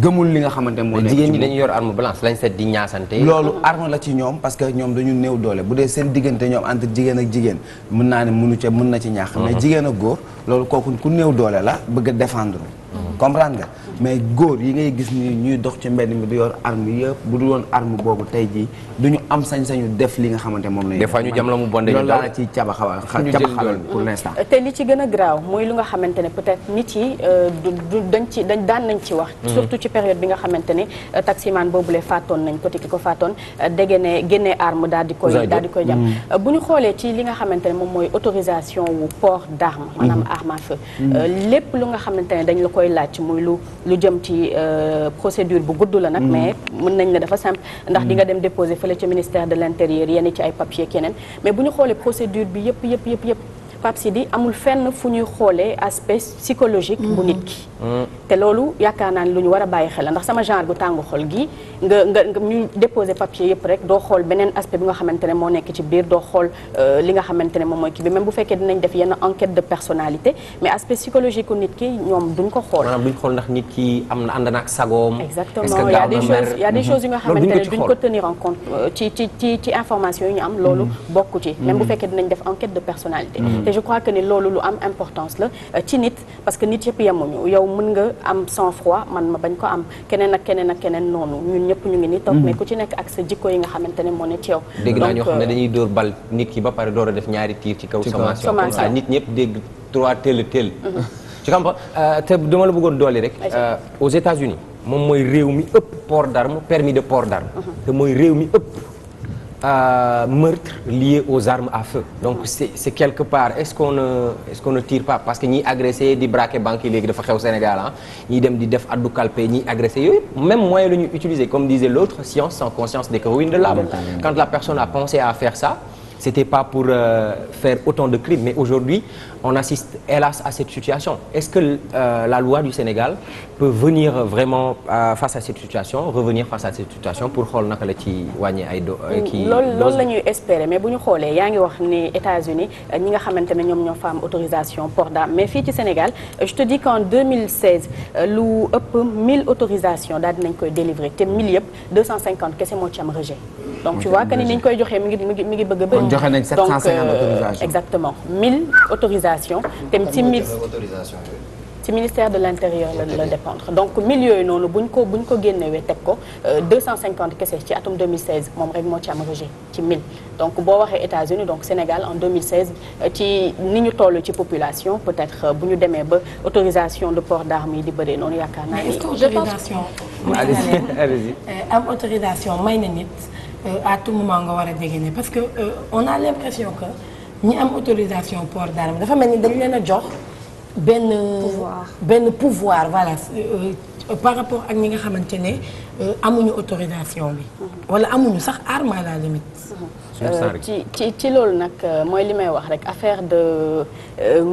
gëmul li nga xamante ne moo nekk jigéen ñi dañuy yor arme blanche lañ set di ñaasante. loolu arme la ci ñoom parce que ñoom dañu néew doole bu dee seen diggante ñoom entre jigéen ak jigéen mën naa ne mënu ca mën na ci ñaax. Mhm. ma jigéen ak góor loolu kooku ku néew doole la bëgg a défendre. Mhm. comprendre nga. mais góor yi ngay gis ni ñuy dox ci mbedd mi du yor arme yëpp bu dul loon arme boobu tey jii du ñu am sañ-sañu def li nga xamante moom la ñu. ñu jam la mu bonde ñu daal ci caba xawal caba xawal pour l'instant. te gën a graaw mooy lu nga xamante ne peut-être nit yi euh, du dañ ci dañ daan nañ ci wax. Mhm. surtout ci période bi nga xamante ne euh, taximaan boobu lee faatoon nañ côté ki ko faatoon euh, dégg ne génne arme daal di koy. daal di koy jam mhm. bu ñu xoolee ci li nga xamante ne moom mooy autorisation wu port d'arme maanaam mhm. arme à feu lépp lu nga xamante ne dañ la koy laaj muy lu lu jëm ci euh, procédure bu gudd la nag. Mm-hmm. mais mën nañ ne dafa simple. ndax di nga dem déposer fële ci ministère de l' intérieur yenn ci ay papier keneen mais bu ñu xoolee procédure bi yëpp yëpp yëpp yëpp Pape Sidi amul fenn fu ñuy xoolee aspect psychologique bu mm-hmm. nit ki. Mm-hmm. te loolu yaakaar naa ne lu ñu war a bàyyi xel ndax sama genre gu tàngu xol gi nga nga déposer papier yëpp rek doo xool beneen aspect bi nga xamante ne moo nekk ci biir doo xool euh, li nga xamante ne moom mooy ki bi même bu fekkee dinañ def yenn enquête de personnalité mais aspect psychologique u nit ki ñoom duñ ko xool maanaam duñ xool ndax ki am na ànd na ak sagoom exactement y a a des mhm. choses yu nga xamante ne duñ ko tenir en compte euh, ci ci ci ci ñu am loolu mhm. bokk ci même bu mhm. fekkee dinañ def enquête de personnalité te je crois que ni loolu lu am importance la euh, ci nit parce que nit yëpp yemuñu yow mën nga am sang-froid man ma bañ ko am keneen ak keneen ak keneen noonu ñun ñëpp ñu ngi ni toog mhm. mais ku ci nekk ak sa jikko yi nga xamante ne moo ne ci yow dégg naa ñoo xam ne euh, dañuy dóor bal nit ki ba pare door a def ñaari tiir ci kaw sommation comme ça nit ñëpp dégg trois teel teel ci xam nga te dama la bëggoon doole rek euh, aux États-Unis moom mooy réew mi ëpp port d'arme permis de port d'arme mhm. te mooy réew mi ëpp euh, meurtre lié aux armes à feu donc c'est c'est quelque part est-ce qu'on ne est-ce qu'on ne tire pas parce que ñiy agressé di braqué banque yi léegi dafa xew Sénégal ah ñiy dem di def addu calpé ñiy agressé yooyu même moyen la ñu utiliser comme disait l'autre science sans conscience des que ruine de l'âme quand la personne a pensé à faire ça c'était pas pour euh, faire autant de crimes mais aujourd'hui on assiste hélas à cette situation. Est-ce que euh, la loi du Sénégal peut venir vraiment euh, face à cette situation revenir face à cette situation pour xool naka la ci wàññi ay do kii la ñuy espérer mais bu ñu xoolee yaa ngi wax ni États-Unis euh, ñi nga xamante ne ñoom ñoom fa autorisation port d'arme mais fii ci Sénégal euh, je te dis qu'en 2016 lu ëpp 1000 autorisations daal dinañ koy délivrer te 1000 yëpp 250 kese moo ci am rejet. donc tu vois que ni ñu koy joxee mi ngi mi ngi ngi bëgg a bëri. donc joxe nañ 750 autorisations autorisation tamit ci ci ministère de l'intérieur la la dépendre donc mille noonu bu ñu ko bu teg ko euh, kese ci atum moom rek moo ci am rejet ci 1000 donc boo waxee États-Unis donc Sénégal en euh, ci ni ñu toll ci population peut-être euh, bu ñu demee ba autorisation de port d'armes di bëree noonu yaakaar naa ni je *laughs* autorisation may na nit à tout moment nga war a parce que on a l'impression que ñi am autorisation port d'arme dafa mel ni dañ leen a jox benn benn pouvoir voilà euh, par rapport ak ñi nga xamante ne euh, amuñu autorisation bi wala amuñu sax arme à la euh, ci ci ci loolu nag mooy li may wax rek affaire de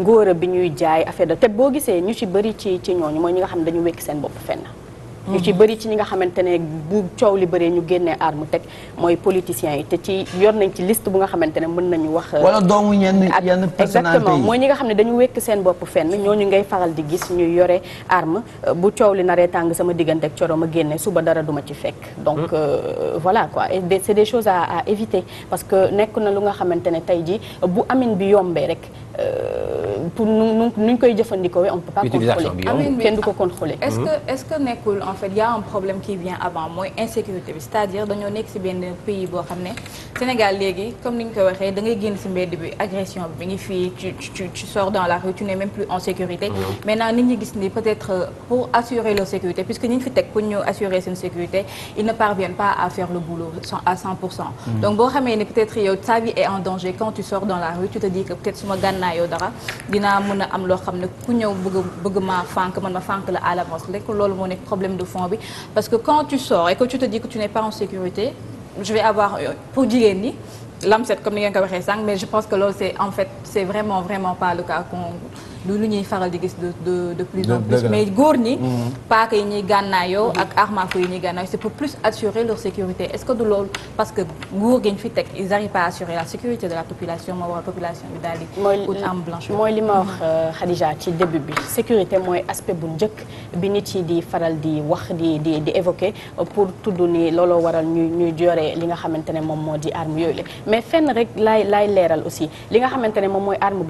ngóora bi ñuy jaay affaire de te boo gisee ñu ci bari ci ci ñooñu mooy ñi nga xam ne dañu wekk seen bopp fenn ñu ci bëri ci ñi nga xamante ne bu coow li bëree ñu génne arme teg mooy politiciens yi te ci yor nañ ci liste bu nga xamante ne mën nañu wax wala doomu ñenn yenn exactement mooy ñi nga xam ne dañu wékk seen bopp fenn ñoo ñu ngay faral di gis ñuy yore arme euh, bu coow li naree tàng sama diggante ak coro ma génne suba dara duma ci fekk donc hmm. euh, voilà quoi c'est des choses à éviter parce que nekk na lu nga xamante ne tey ji bu amin bi yombee rek Euh, pour nu nu ñu koy jëfandikoo on peut pas contrôler kenn du ko ah, contrôler est ce que hmm. est ce que nekkul en fait y a un problème qui vient avant mooy insécurité bi c'est-à-dire dañoo nekk ci benn pays boo xam ne Sénégal léegi comme ni ñu ko waxee da ngay génn ci mbedd bi agression bi mi ngi fii tu tu tu sors dans la rue tu n'es même plus en sécurité ah maintenant nit ñi gis ni peut être euh, pour assurer leur sécurité puisque ñi ñu fi teg pour ñu assurer seen sécurité ils ne parviennent pas à faire le boulot à 100 pour cent hmm. donc boo xamee ne peut être yow ta vie est en danger quand tu sors dans la rue tu te dis que peut être suma gànnaay naa yow dara dinaa mën a am loo xam ne ku ñëw bëgg bëgg maa man ma fànk la à l'avance rek loolu moo nekk problème de fond parce que quand tu sors et que tu n'es pas en sécurité je vais avoir euh, pour jigéen ñi lamset comme ni ngeen ko waxee mais je pense que loolu c'est en fait c'est vraiment vraiment pas le cas du lu ñuy faral di gis de de de plus en plus mais góor ñi mm-hmm. paaka yi ñuy gànnaayoo ak armes à feu yi ñuy gànnaayoo c'est pour plus assurer leur sécurité est-ce que du loolu parce que nguur gi ñu fi teg ils arrivent pas assurer la sécurité de la population moo waral population bi daal di ut blanche mooy li ma wax euh, Khadija ci début bi sécurité mooy aspect bu njëkk bi nit yi di faral di wax di di di évoquer pour tudd ni looloo waral ñu ñuy joree li nga xamante ne moom moo di arme mais fenn rek laay laay leeral aussi li nga xamante ne moom mooy arme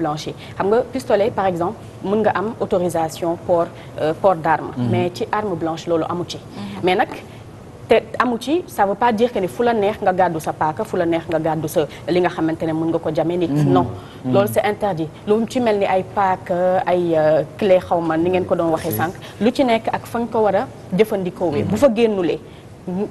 yi xam nga exemple mën nga am autorisation port euh, port d'arme mhm. mais ci arme blanche loolu amu ci mhm. mais nag te amu ci ça veut pas dire que ni fu la neex nga gàddu sa paaka fu la neex nga gàddu sa li nga xamante ne mën nga ko jamee nit mhm. non loolu c'est interdit lu ci mel ni ay paaka ay euh, clé xaw ma ni ngeen ko doon waxee sànq lu ci nekk ak fa nga ko war a jëfandikoo bu fa génnulee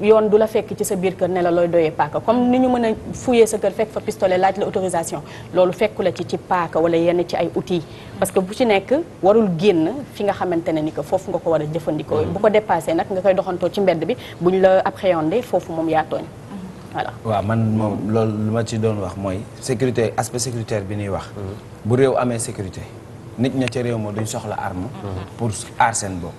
yoon du la fekk ci sa biir kër ne la looy doyee paaka comme ni ñu mën a fouiller sa kër fekk fa pistolet laaj la autorisation loolu fekku la ci ci paaka wala yenn ci ay outils parce que bu ci nekk warul génn fi nga xamante ne ni que foofu nga ko war a jëfandikoo mm-hmm. bu ko dépassé nag nga koy doxantoo ci mbedd bi buñ la appréhender foofu moom yaa mm-hmm. waaw man moom loolu lu ma ci doon wax mooy sécurité aspect sécuritaire bi ñuy wax mm-hmm. bu réew amee sécurité nit ña ca réew ma duñ soxla arme pour aar seen bopp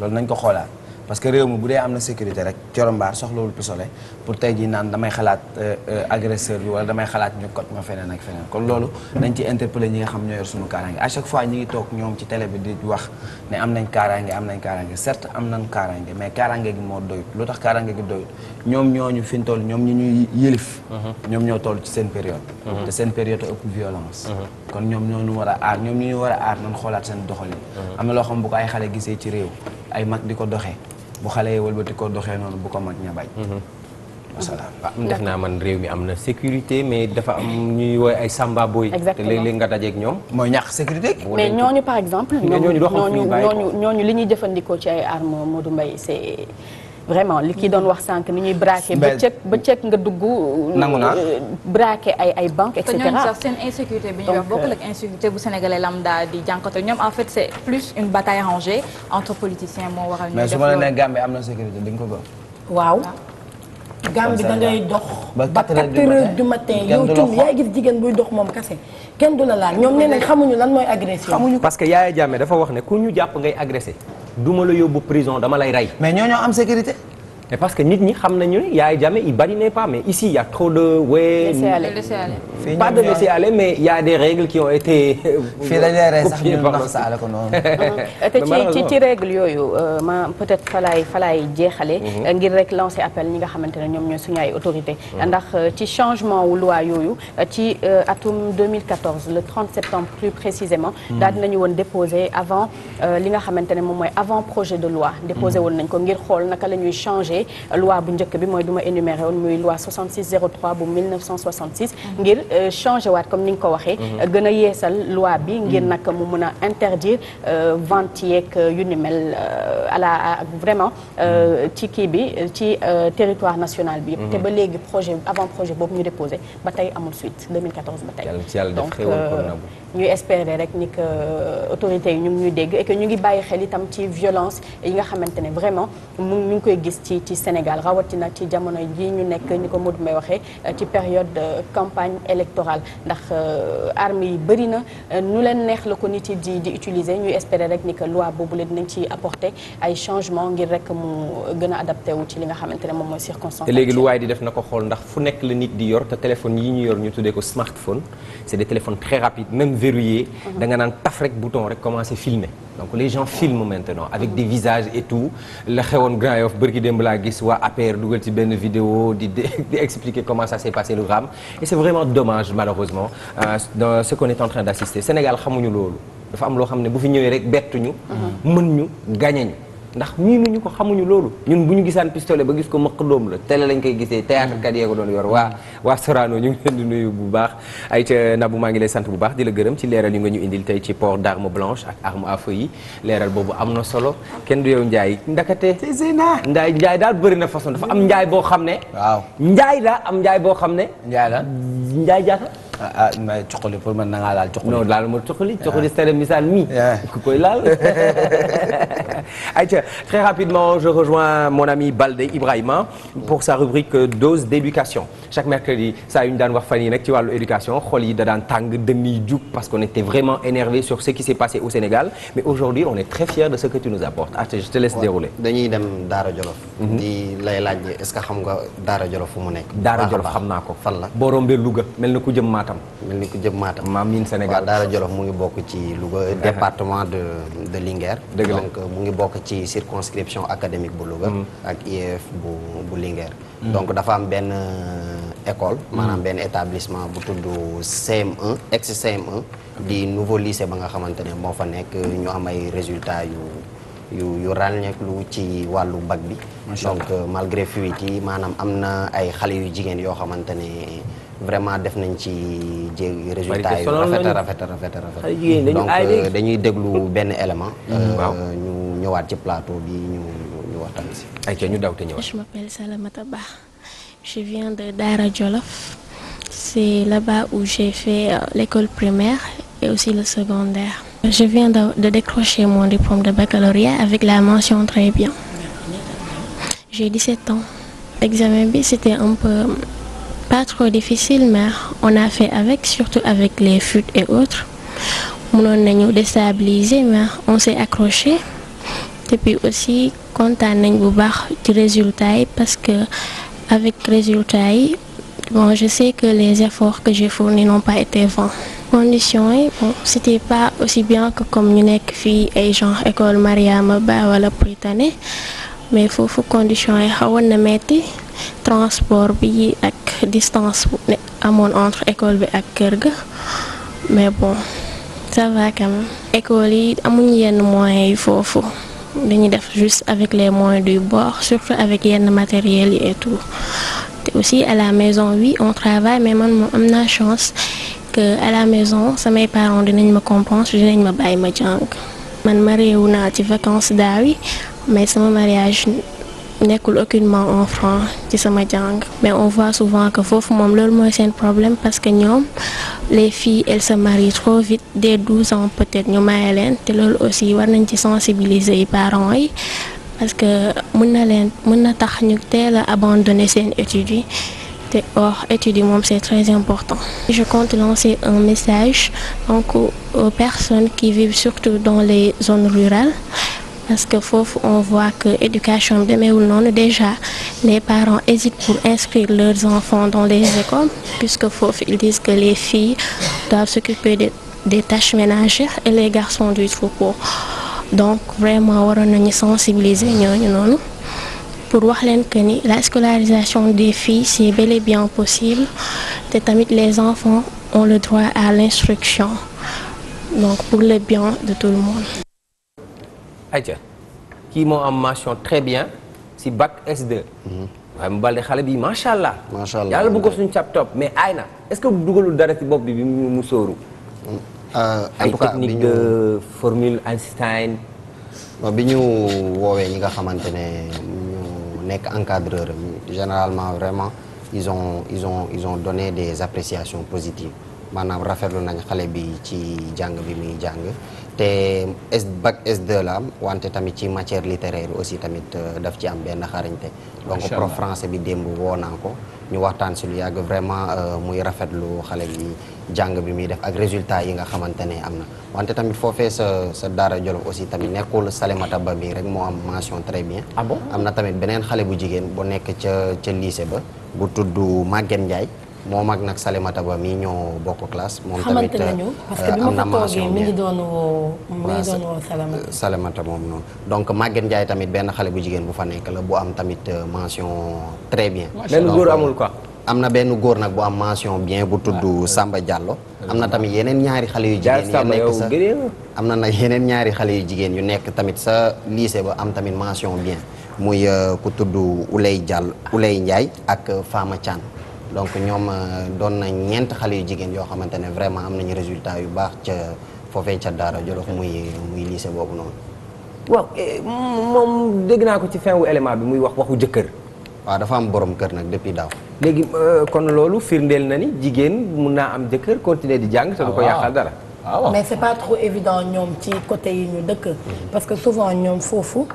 loolu nañ ko xoolaat parce que réew mi bu dee am na sécurité rek corombaar soxlawul pisole pour tey jii naan damay xalaat euh, euh, agresseur bi wala damay xalaat ñu kot ma feneen ak feneen kon loolu dañ ci interpeller ñi nga xam ñoo yor suñu kaaraange à chaque fois ñi ngi toog ñoom ci télé bi di wax ne am nañ kaaraange am nañ kaaraange certes am nañ kaaraange mais kaaraange gi moo doyut lu tax kaaraange gi doyut ñoom ñooñu fi ñu toll ñoom ñu ñuy yëlif mhm. ñoom ñoo toll ci seen période mhm. te seen période ëpp violence mhm. kon ñoom ñoonu war a aar ñoom ñu war a aar nañ xoolaat seen doxalin am loo xam bu ko gisee ci réew ay mag di ko doxee bu xale yi wëlbati ko doxee noonu bu ko mag na bañ. Mhm. Mhm. waaw def naa man réew mi am na sécurité mais dafa am ñuy woy ay samba boy. te léeg-léeg nga dajeek ñoom. mooy ñax sécurité. mais ñooñu par exemple. ñooñu ñooñu ñooñu li ñuy jëfandikoo ci ay armes Modou Mbaye vraiment li kii doon wax sànq ni ñuy braqué. ba cëkk nga dugg. nangu naa euh, braqué ay ay banques et cetera. te ñooñu sax seen insécurité bi ñuy wax euh, bu sénégalais lambda di jànkuwante ñoom en fait c' est plus une bataille rangée entre politiciens moo waral. ñu def mais Gambie am na sécurité di ko gëm. waaw. Gambie da ngay dox. ba 4 heures du matin yow tuum yaa gis jigéen buy dox moom kese. kenn du la laal ñoom nee nañ xamuñu lan mooy agression. parce que Yaya Jammeh dafa wax ne ku ñu jàpp ngay agressé. duma la yóbbu prison dama lay rey. mais ñoo ñoo am sécurité. mais parce que nit ñi xam nañu ne Yaya Jammeh il badinait pas mais ici il y a trop de ouais pas de laisser aller mais il y a des règles qui ont été euh, *laughs* fii la leeree sax ñu nax sa règle yooyu euh, ma peut-être falaay falaay jeexale mhm. euh, ngir rek lancer appel ñi nga xamante ne ñoom ñooy suñu ay autorité mhm. ndax ci changement wu loi yooyu ci atum 2014 le 30 septembre plus précisément mhm. daal dinañu woon déposer avant li nga xamante ne moom mooy avant projet de loi déposé woon nañ ko ngir xool naka la ñuy changer voté bu njëkk bi mooy ma énuméré woon muy loi 6603 bu 1966 ngir euh, changé waat comme ni waxee mm-hmm. gën a yeesal loi bi ngir mm-hmm. nag mu mën a interdire euh, vente euh, yu ni mel vraiment mm-hmm. ci kii bi ci territoire national bi te ba léegi projet avant projet boobu ñu déposé ba tey amul suite 2014 ba tey donc ñuy espérer rek ni que autorités yi ñu ngi ñuy dégg et que ñu violence yi nga xamante vraiment mu ngi koy gis ci ci Sénégal rawatina ci jamono ji ñu nekk ñu ko Modou may waxee ci période de euh, campagne électorale ndax euh, armes yi bëri na euh, nu leen neex la ko nit yi di di utiliser ñuy espérer rek ni que loi boobu la dinañ ci apporter ay changement ngir rek mu gën a adapté wu ci li nga xamante ne moom mooy circonstance te léegi lu waaye di def na ko xool ndax fu nekk la nit di yor te téléphone yi ñu yor ñu tuddee ko smartphone c'est des téléphone très rapides même verrouillés uh-huh. da nga naan taf rek bouton rek commencer donc les gens filment maintenant avec des visages et tout la xewoon Grand Yoff laa gis waa APR dugal ci benn vidéo di di expliquer comment ça s'est passé le drame et c'est vraiment dommage malheureusement euh, dans ce qu'on est en train d'assister Sénégal xamuñu loolu dafa am loo xam ne bu fi ñëwee rek bettuñu mhm. mën ñu gañeñu ndax miinu ñu ko xamuñu loolu ñun bu ñu gisaan pistolet ba gis ko mëq doom la télé lañ koy gisee théâtre kat yee ko doon yor waa waa Sorano ñu ngi leen nuyu bu baax ay ca Nabou maa ngi lay sant bu baax di la gërëm ci leeral yu nga ñu indil tey ci port d'arme blanche ak arme à feu yi leeral boobu am na solo kenn du yow njaay ndakate ndaay njaay daal bëri na façon dafa am njaay boo xam ne waaw njaay daa am njaay boo xam ne njaay jaata ah, ah mais coxali pour man na ngaa laal coxali. non laal ma coxali coxali c'est ah. misaal mi. Ah. ku koy laal. ayca *laughs* très rapidement je rejoins mon ami Balde Ibrahima pour sa rubrique dose d'éducation chaque mercredi saa yu ñu daan wax fan yii nag ci wàllu éducation xol yi da daan tàng dënn yi jug parce qu'on était vraiment énervé sur ce qui s'est passé au Sénégal mais aujourd'hui on est très fier de ce que tu nous apportes ah je te laisse dérouler. dañuy dem Daara Jolof. Mhm. di lay laaj est-ce que xam nga Daara Jolof fu mu nekk. Daara Jolof xam naa ko fan la. Borom be Louga mel na ku jëm Matam Matam. mel ni ku jëm maam miin Sénégal daal Daara Jolof mu ngi bokk ci Louga département de de Linguère. dëgg donc mu ngi bokk ci circonscription académique bu Louga. Mm. ak IEF bu bu Linguère. Mm. donc dafa am benn euh, école. Mm. maanaam benn établissement bu tudd cm ex cm di nouveau lycée ba nga xamante ne moo fa nekk ñu am ay résultats yu. yu yu ràññeeklu ci wàllu bac bi donc euh, malgré fuite yi maanaam am na ay xale yu jigéen yoo xamante ne vraiment def nañ ci jéeg résultat yu rafet rafet donc euh, dañuy déglu benn élément *laughs* mm. euh, waaw ñu ñëwaat ci plateau bi ñu ñu waxtaan si ay ñu daw te ñëwaat je m'appelle Salamata Ba je viens de Daara Jolof c'est là-bas où j'ai fait euh, l'école primaire et aussi le secondaire je viens de, de décrocher mon diplôme de baccalauréat avec la mention très bien j'ai 17 ans l'examen bi c'était un peu pas trop difficile mais on a fait avec surtout avec les fuites et autres mënoon nañu déstabiliser mais on s'est accroché te aussi kontaan nañ bu baax ci résultat yi parce que avec résultat yi bon je sais que les efforts que j'ai fournis n'ont pas été vains conditions yi bon c'était pas aussi bien que comme ñu nekk fii ay genre école maria Ba wala Prytanée mais foofu condition yi xawoon na metti transport bi ak distance amoon entre école bi ak kër ga mais bon ça va école yi amuñ yenn moyens yi foofu dañuy def juste avec les moyens du bord surtout avec yenn matériel yi et tout te aussi à la maison oui on travaille mais man moom am naa chance que à la maison samay parents dinañ ma compense dinañ ma bàyyi ma jàng man ma réewu naa ci vacances daaw yi mais sama mariage nekkul aucunement en franc ci sama jàng mais on voit souvent que foofu moom loolu mooy seen problème parce que ñoom les filles elles se marient trop vite dès 12 ans peut-être ñu maye leen te loolu aussi war nañ ci sensibiliser yi parents yi parce que mun na leen mën na tax ñu teel a abandonner seen études yi te or études yi moom c'est très important. je compte lancer un message donc aux personnes qui vivent surtout dans les zones rurales. parce que foofu on voit que éducation bi demeewul noonu déjà les parents hésitent pour inscrire leurs enfants dans les écoles puisque foofu ils disent que les filles doivent s'occuper des, tâches ménagères et les garçons du troupeau donc vraiment waroon nañu sensibiliser ñooñu noonu pour wax leen que ni la scolarisation des filles c'est bel et bien possible te tamit les enfants ont le droit à l'instruction donc pour le bien de tout le monde ayca kii moo am mention très bien si bac s mhm. waaye mu balde xale bi macha allah. macha allah yàlla bu ko suñu cap mais ay na est-ce que dugalul dara ci bopp bi bi mu mu sóoru. Euh, en tout cas ay technique bi ñu woowee ñi nga xamante ne ñu nekk encadreur généralement vraiment ils ont ils ont ils donné des appréciations positives maanaam rafetlu nañ xale bi ci jàng bi muy jàng. te S bac S2 la am wante tamit ci matière littéraire aussi tamit euh, daf ci am benn xarañte. donc prof français bi démb woo naa ko. ñu waxtaan si lu yàgg vraiment euh, muy rafetlu xale yi jàng bi muy def ak résultat yi nga xamante ne am na wante tamit foofee sa sa daara Jolof aussi tamit nekkul Salemata Ba mii rek moo am mention très bien. ah am na tamit beneen xale bu jigéen bu nekk ca ca lycée ba bu tudd màgget Ndiaye. moo mag nag Salimata Ba mii ñoo bokk classe. moom tamit euh, am na mention bi mi woo mi ngi woo Salimata. Euh, moom noonu donc Maguette Ndiaye tamit benn xale bu jigéen bu fa nekk la bu am tamit euh, mention très bien. amul quoi. am na benn góor nag bu am mention bien bu tudd Samba jàllo am na tamit yeneen ñaari xale yu jigéen yu nekk sa am na nag ñaari xale yu jigéen yu nekk tamit sa lycée ba am tamit mention bien muy ku tudd Ouley jàll Ouley Ndiaye ak Fama Thian. donc ñoom euh, doon nañ ñeent xale yu jigéen yoo xamante ne vraiment am nañu résultat yu baax ca foofee ca Daara Jolof muy muy lycée boobu noonu. waaw eh, moom dégg naa ko ci fin wu élément bi muy wax waxu jëkkër. waaw dafa am boroom kër nag depuis daaw. léegi euh, kon loolu firndeel na ni jigéen mun naa am jëkkër continuer di jàng. te du ko ah, yàqal dara. Ah, mais c'est pas trop évident ñoom ci côté yi ñu dëkk. Mm-hmm. parce que souvent ñoom foofu.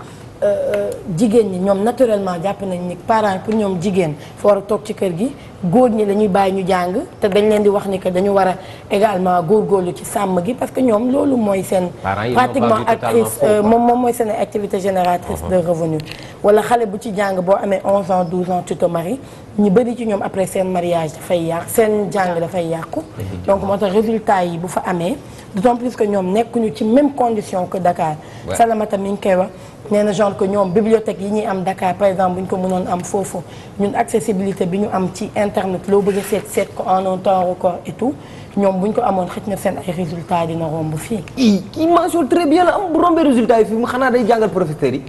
jigéen ñi ñoom naturellement jàpp nañ ni parent yi pour ñoom jigéen fa war a toog ci kër gi góor ñi la ñuy bàyyi ñu jàng te dañ leen di wax ni que dañu war a également góorgóorlu ci sàmm gi parce que ñoom loolu mooy seen pratiquement actrice moom moom mooy seen activité génératrice uh-huh. de revenu wala xale bu ci jàng boo amee 11 ans 12 ans tu te ñu bëri ci ñoom après seen mariage dafay yàq seen jàng dafay yàqu donc moo tax résultat yi bu fa amee d'autant que ñoom nekkuñu ci même condition que Dakar Salamata mi ngi koy wax nee na genre que ñoom bibliothèque yi ñuy am Dakar par exemple bu ñu ko mënoon am foofu ñun accessibilité bi ñu am ci internet loo bëgg a seet seet ko en un temps record et tout ñoom bu ñu ko amoon xëj na seen ay résultats dina romb fii. i kii mention très bien la am bu rombee résultats yi fii mu xanaa day jàngal professeurs yi.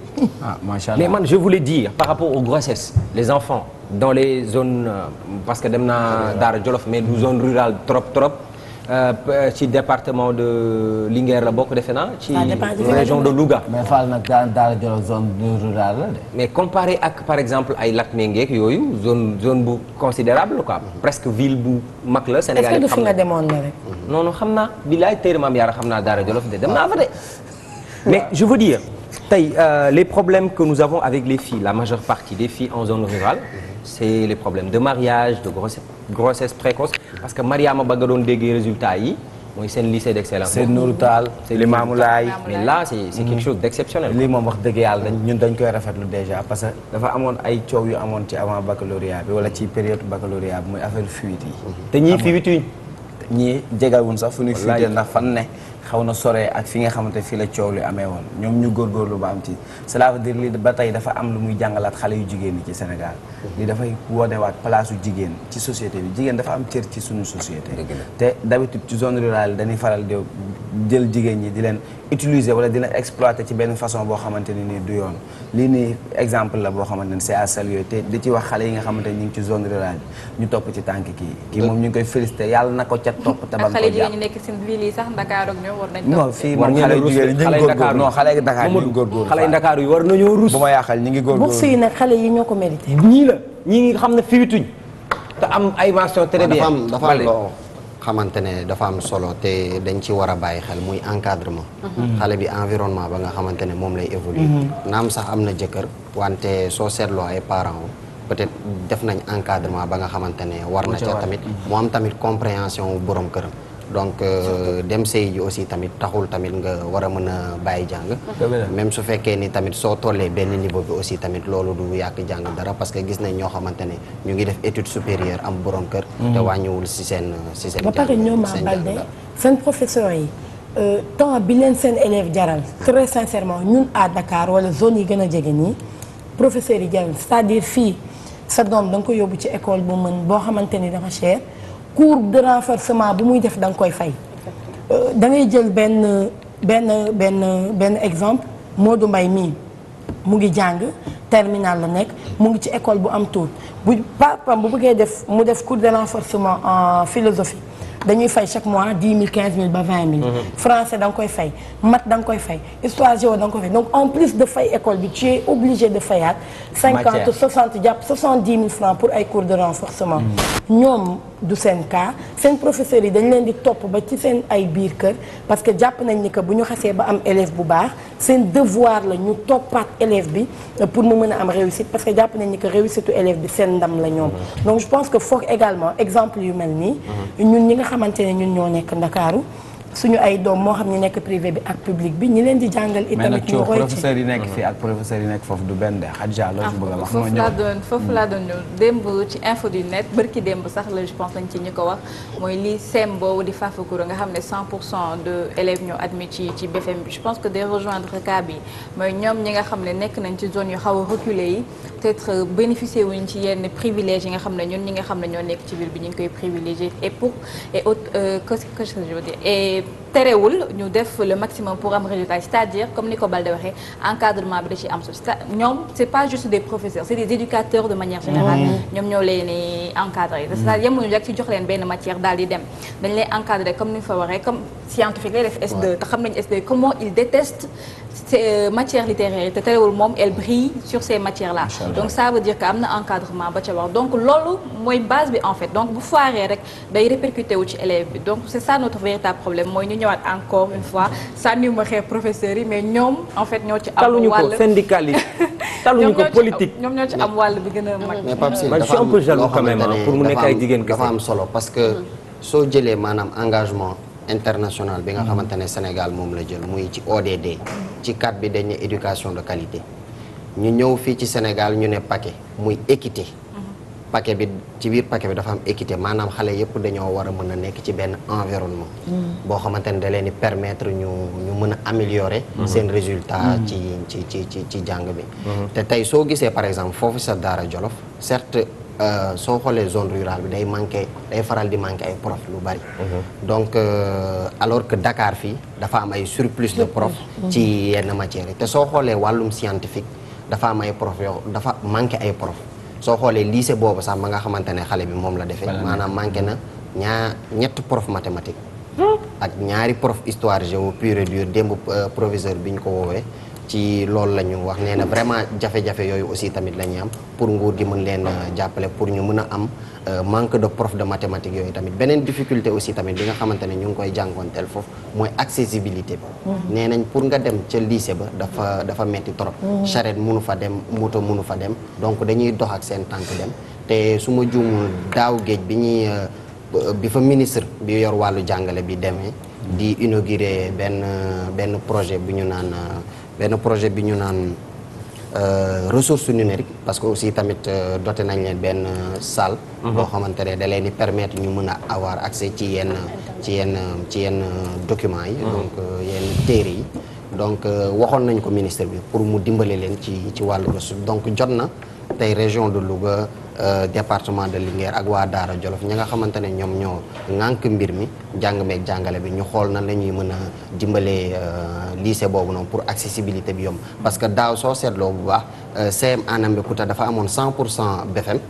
ah macha allah mais man je voulais dire par rapport aux grossesses les enfants dans les zones euh, parce que dem naa Daara Jolof mais du zone rurale trop trop. Euh, ci département de Linguère la bokk defe naa. ci région de Louga. mais Fall nag zone rurale la mais comparé ak par exemple ay Latmingué ak yooyu zone zone bu considérable quoi. presque ville bu mag la Sénégal yi xam demoon la non non xam naa billaay téere maam xam naa daara Jolof de dem naa *laughs* mais je veux dire tey euh, les problèmes que nous avons avec les filles la majeure partie des filles en zone rurale mhm. c'est les problèmes de mariage de grossesse grossesse précoce parce que Mariama ba nga doon déggee résultat yi mooy seen lycée d'excellence. Mm. seen lii moom wax dëgg yàlla dañ ñun dañ koy rafetlu déjà parce que dafa amoon ay coow yu amoon ci avant baccalauréat bi wala ci période baccalauréat bi mooy affaire fuite yi. Mm-hmm. te ñii fuituñ. ñii jegewuñ sax fu ñuy fuitee ndax fan ne. xaw na sore ak fi nga xamante fii la coow li amee woon ñoom ñu góorgóorlu ba am ci cela veut dire li ba tey dafa am lu muy jàngalaat xale yu jigéen ñi ci Sénégal li dafay woonewaat palaasu jigéen ci société bi jigéen dafa am cër ci suñu société te d'habitude ci zone rurale dañuy faral di jël jigéen ñi di leen utiliser wala dina la exploiter ci benn façon boo xamante ne nii du yoon lii nii exemple la boo xamante ne c'est à saluer te di ci wax xale yi nga xamante ne ñu ngi ci zone rurale bi ñu topp ci tànk kii kii moom koy féliciter yàlla na ko ca topp te ba jigéen ñi nekk ci ville yi sax Dakar ak ñoom war nañ non fii moom xale jigéen xale Dakar non xale Dakar ñu ngi góorgóorlu xale Dakar yi war nañoo rus bu ma yaaxal ñi ngi góorgóorlu bourse yi nag xale yi ñoo ko mérité ñii la ñii ngi xam ne fiituñ te am ay mention très bien dafa am dafa am xamante ne dafa am solo te dañ ci war a bàyyi xel muy encadrement. Mhm. xale bi environnement ba nga xamante ne moom lay évoluer. Mhm. naam sax am na jëkkër wante soo seetloo ay parent peut-être def nañ encadrement ba nga xamante ne war na ca tamit mhm. mu am tamit compréhension borom kër donc euh, dem sëy ji aussi tamit taxul tamit nga war a mën a bàyyi jàng même su fekkee ni tamit soo tollee benn niveau bi aussi tamit loolu du yàq jàng dara parce que gis nañ ñoo xamante ne ñu ngi def étude supérieure am borom kër mm-hmm. te wàññiwul si seen si seen ba pare ñoom a yi euh, temps bi leen seen élève jaral très sincèrement ñun à Dakar wala zone yi gën a jege nii professeurs yi jaral c'est-à-dire fii sa doom da nga ko yóbbu ci école bu mën boo xamante ni dafa cher cours de renforcement bu muy def da nga koy fay euh, da ngay jël benn benn benn benn exemple Modou mbay mii mu ngi jàng terminal la nekk mu ngi ci école bu am tuut bu papam bu bëggee def mu def cours de renforcement en philosophie dañuy fay chaque mois dix mille quinze mille ba vingt mille. Mhm. nga koy fay maths da nga koy fay histoire géo da nga koy fay donc en plus de fay école bi tu es obligé de fayaat. cinquante soixante jàpp soixante dix mille francs pour ay cours de renforcement. Mhm. ñoom du seen cas seen professeurs yi dañ leen di topp ba ci seen ay biir kër parce que jàpp nañ ni que bu ñu xasee ba am élève bu baax seen devoir la ñu toppaat élève bi pour mu mën a am réussite parce que jàpp nañ ni que réussite élève bi seen ndam la ñoom mhm. donc je pense xamante ne ñun ñoo nekk Ndakaaru suñu ay doom moo xam ñu nekk privé bi ak public bi ñi leen di jàngal itamit ñu roy ci professeur yi nekk fii mhm. ak professeur yi nekk foofu du benn de Khadija loo ah, ko wax mooy lii sem boobu di Fafakura nga xam ne 100 pour cent de élèves ñoo admis ci ci BFM bi que de rejoindre cas bi mooy ñoom ñi nga xam ne nekk nañ ci zone yu xaw a reculé yi peut-être bénéficier wuñ ci yenn privilèges yi nga xam ne ñun ñi nga xam ne ñoo nekk ci biir bi ñu ngi koy privilégié et pour et autre euh, que je veux dire aleykum terewul ñu def le maximum pour am résultat c'est-à-dire comme ni ko Balde waxee encadrement bi da ci am solo ñoom c'est pas juste des professeurs c'est des éducateurs de manière générale. Mmh. ñoom ñoo leen di encadrer. Mmh. c'est-à-dire yemuñu rek comment ils détestent ces euh, matières littéraires te terewul moom elle brille sur ces matières là. donc ça veut dire que am na encadrement ba ca wax donc loolu mooy base bi en fait bu foiree rek day répercuté ñëwaat encore une fois sànni ma xeex professeurs yi mais ñoom en fait ñoo ci. am wàll taluñu ko syndicaliste *laughs* taluñu ko politique ñoom ñoo ci am wàll bi gën a mag. mais Pape Sine dafa am loo xamante ne pour mu nekk ay jigéen dafa am solo parce que soo jëlee maanaam engagement. international bi nga mm. xamante ne Sénégal moom la jël muy ci ODD ci cadre bi dañ ne éducation de qualité ñu ñëw fii ci Sénégal ñu ne paquet muy équité paquet bi ci biir paquet bi dafa am équité maanaam xale yëpp dañoo war a mën a nekk ci benn environnement. Mm. boo xamante ne ni leen ñu ñu mën a améliorer. Mm-hmm. seen résultat mm-hmm. ci ci ci ci ci jàng bi. Mm-hmm. te tey soo gisee par exemple foofu sa daara Jolof certes. Euh, soo xoolee zone rurale bi day manqué day faral di manqué ay prof lu bari. donc euh, alors que dakaar fii dafa am ay surplus de prof ci yenn matières te soo xoolee wàllum scientifique dafa am ay prof dafa manqué ay prof soo xoolee lycée boobu sax ma nga xamante ne xale bi moom la defe maanaam manqué na ñaa ñett prof mathématique ak ñaari prof histoire géo pure et dure démb euh, proviseur bi ñu ko woowee ci loolu la ñu wax nee na vraiment jafe-jafe yooyu aussi tamit la ñuy am pour nguur gi mën leen euh, jàppale pour ñu mën a am Euh, manque de prof de mathématiques yooyu tamit beneen difficulté aussi tamit bi nga xamante ne ñu ngi koy jànkoonteel foofu mooy accessibilité bi mhm. nee nañ pour nga dem ca lycée ba dafa dafa metti trop mhm. charrette mënu fa dem moto mënu fa dem donc dañuy dox ak seen tànk dem te su ma juumul daaw géej bi ñuy euh, bi fa ministre bi yor wàllu jàngale bi demee di inaugurer benn benn projet bu ñu naan euh, benn projet bi ñu naan Euh, ressources numériques parce que aussi tamit euh, doté nañ leen benn euh, salle. Mhm. boo xamante ne da leen di permettre ñu mën a avoir accès ci yenn ci yenn ci yenn document yi. Mhm. donc yenn téere yi. donc waxoon nañ ko ministre bi pour mu dimbale leen ci ci wàllu ressource donc jot na tey région de Louga. Euh, département de Linguère ak waa Daara Jolof ña nga xamante ne ñoom ñoo ŋànk mbir mi jàng meeg jàngale bi ñu xool na lañuy ñuy mën a dimbalee euh, lycée boobu noonu pour accessibilité bi yomb. parce que daaw soo seetloo bu baax euh, CM Anambé Kouta dafa amoon 100 pour cent BFEM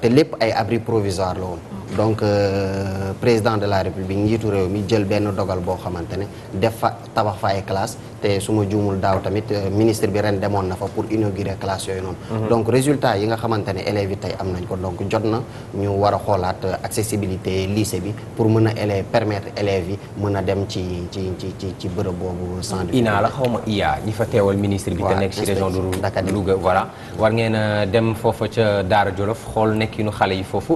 te lépp ay abri provisoire la woon. donc euh, président de la république njiitu réew mi jël benn dogal boo xamante ne def fa tabax fa ay classe te suma ma juumul daaw tamit euh, ministre bi ren demoon na fa pour inaugurer classe yooyu noonu mhm. donc résultat yi nga xamante ne élèves yi tey am nañ ko donc jot na ñu war a xoolaat euh, accessibilité lycée bi pour mën a élève permettre élèves yi mën a dem ci ci ci ci ci bërëb boobu sans inaa la xaw ma IA ñi fa teewal ministre bi te nekk ci région de Louga voilà war ngeen a dem foofa ca Daara Jolof xool nekk xale yi foofu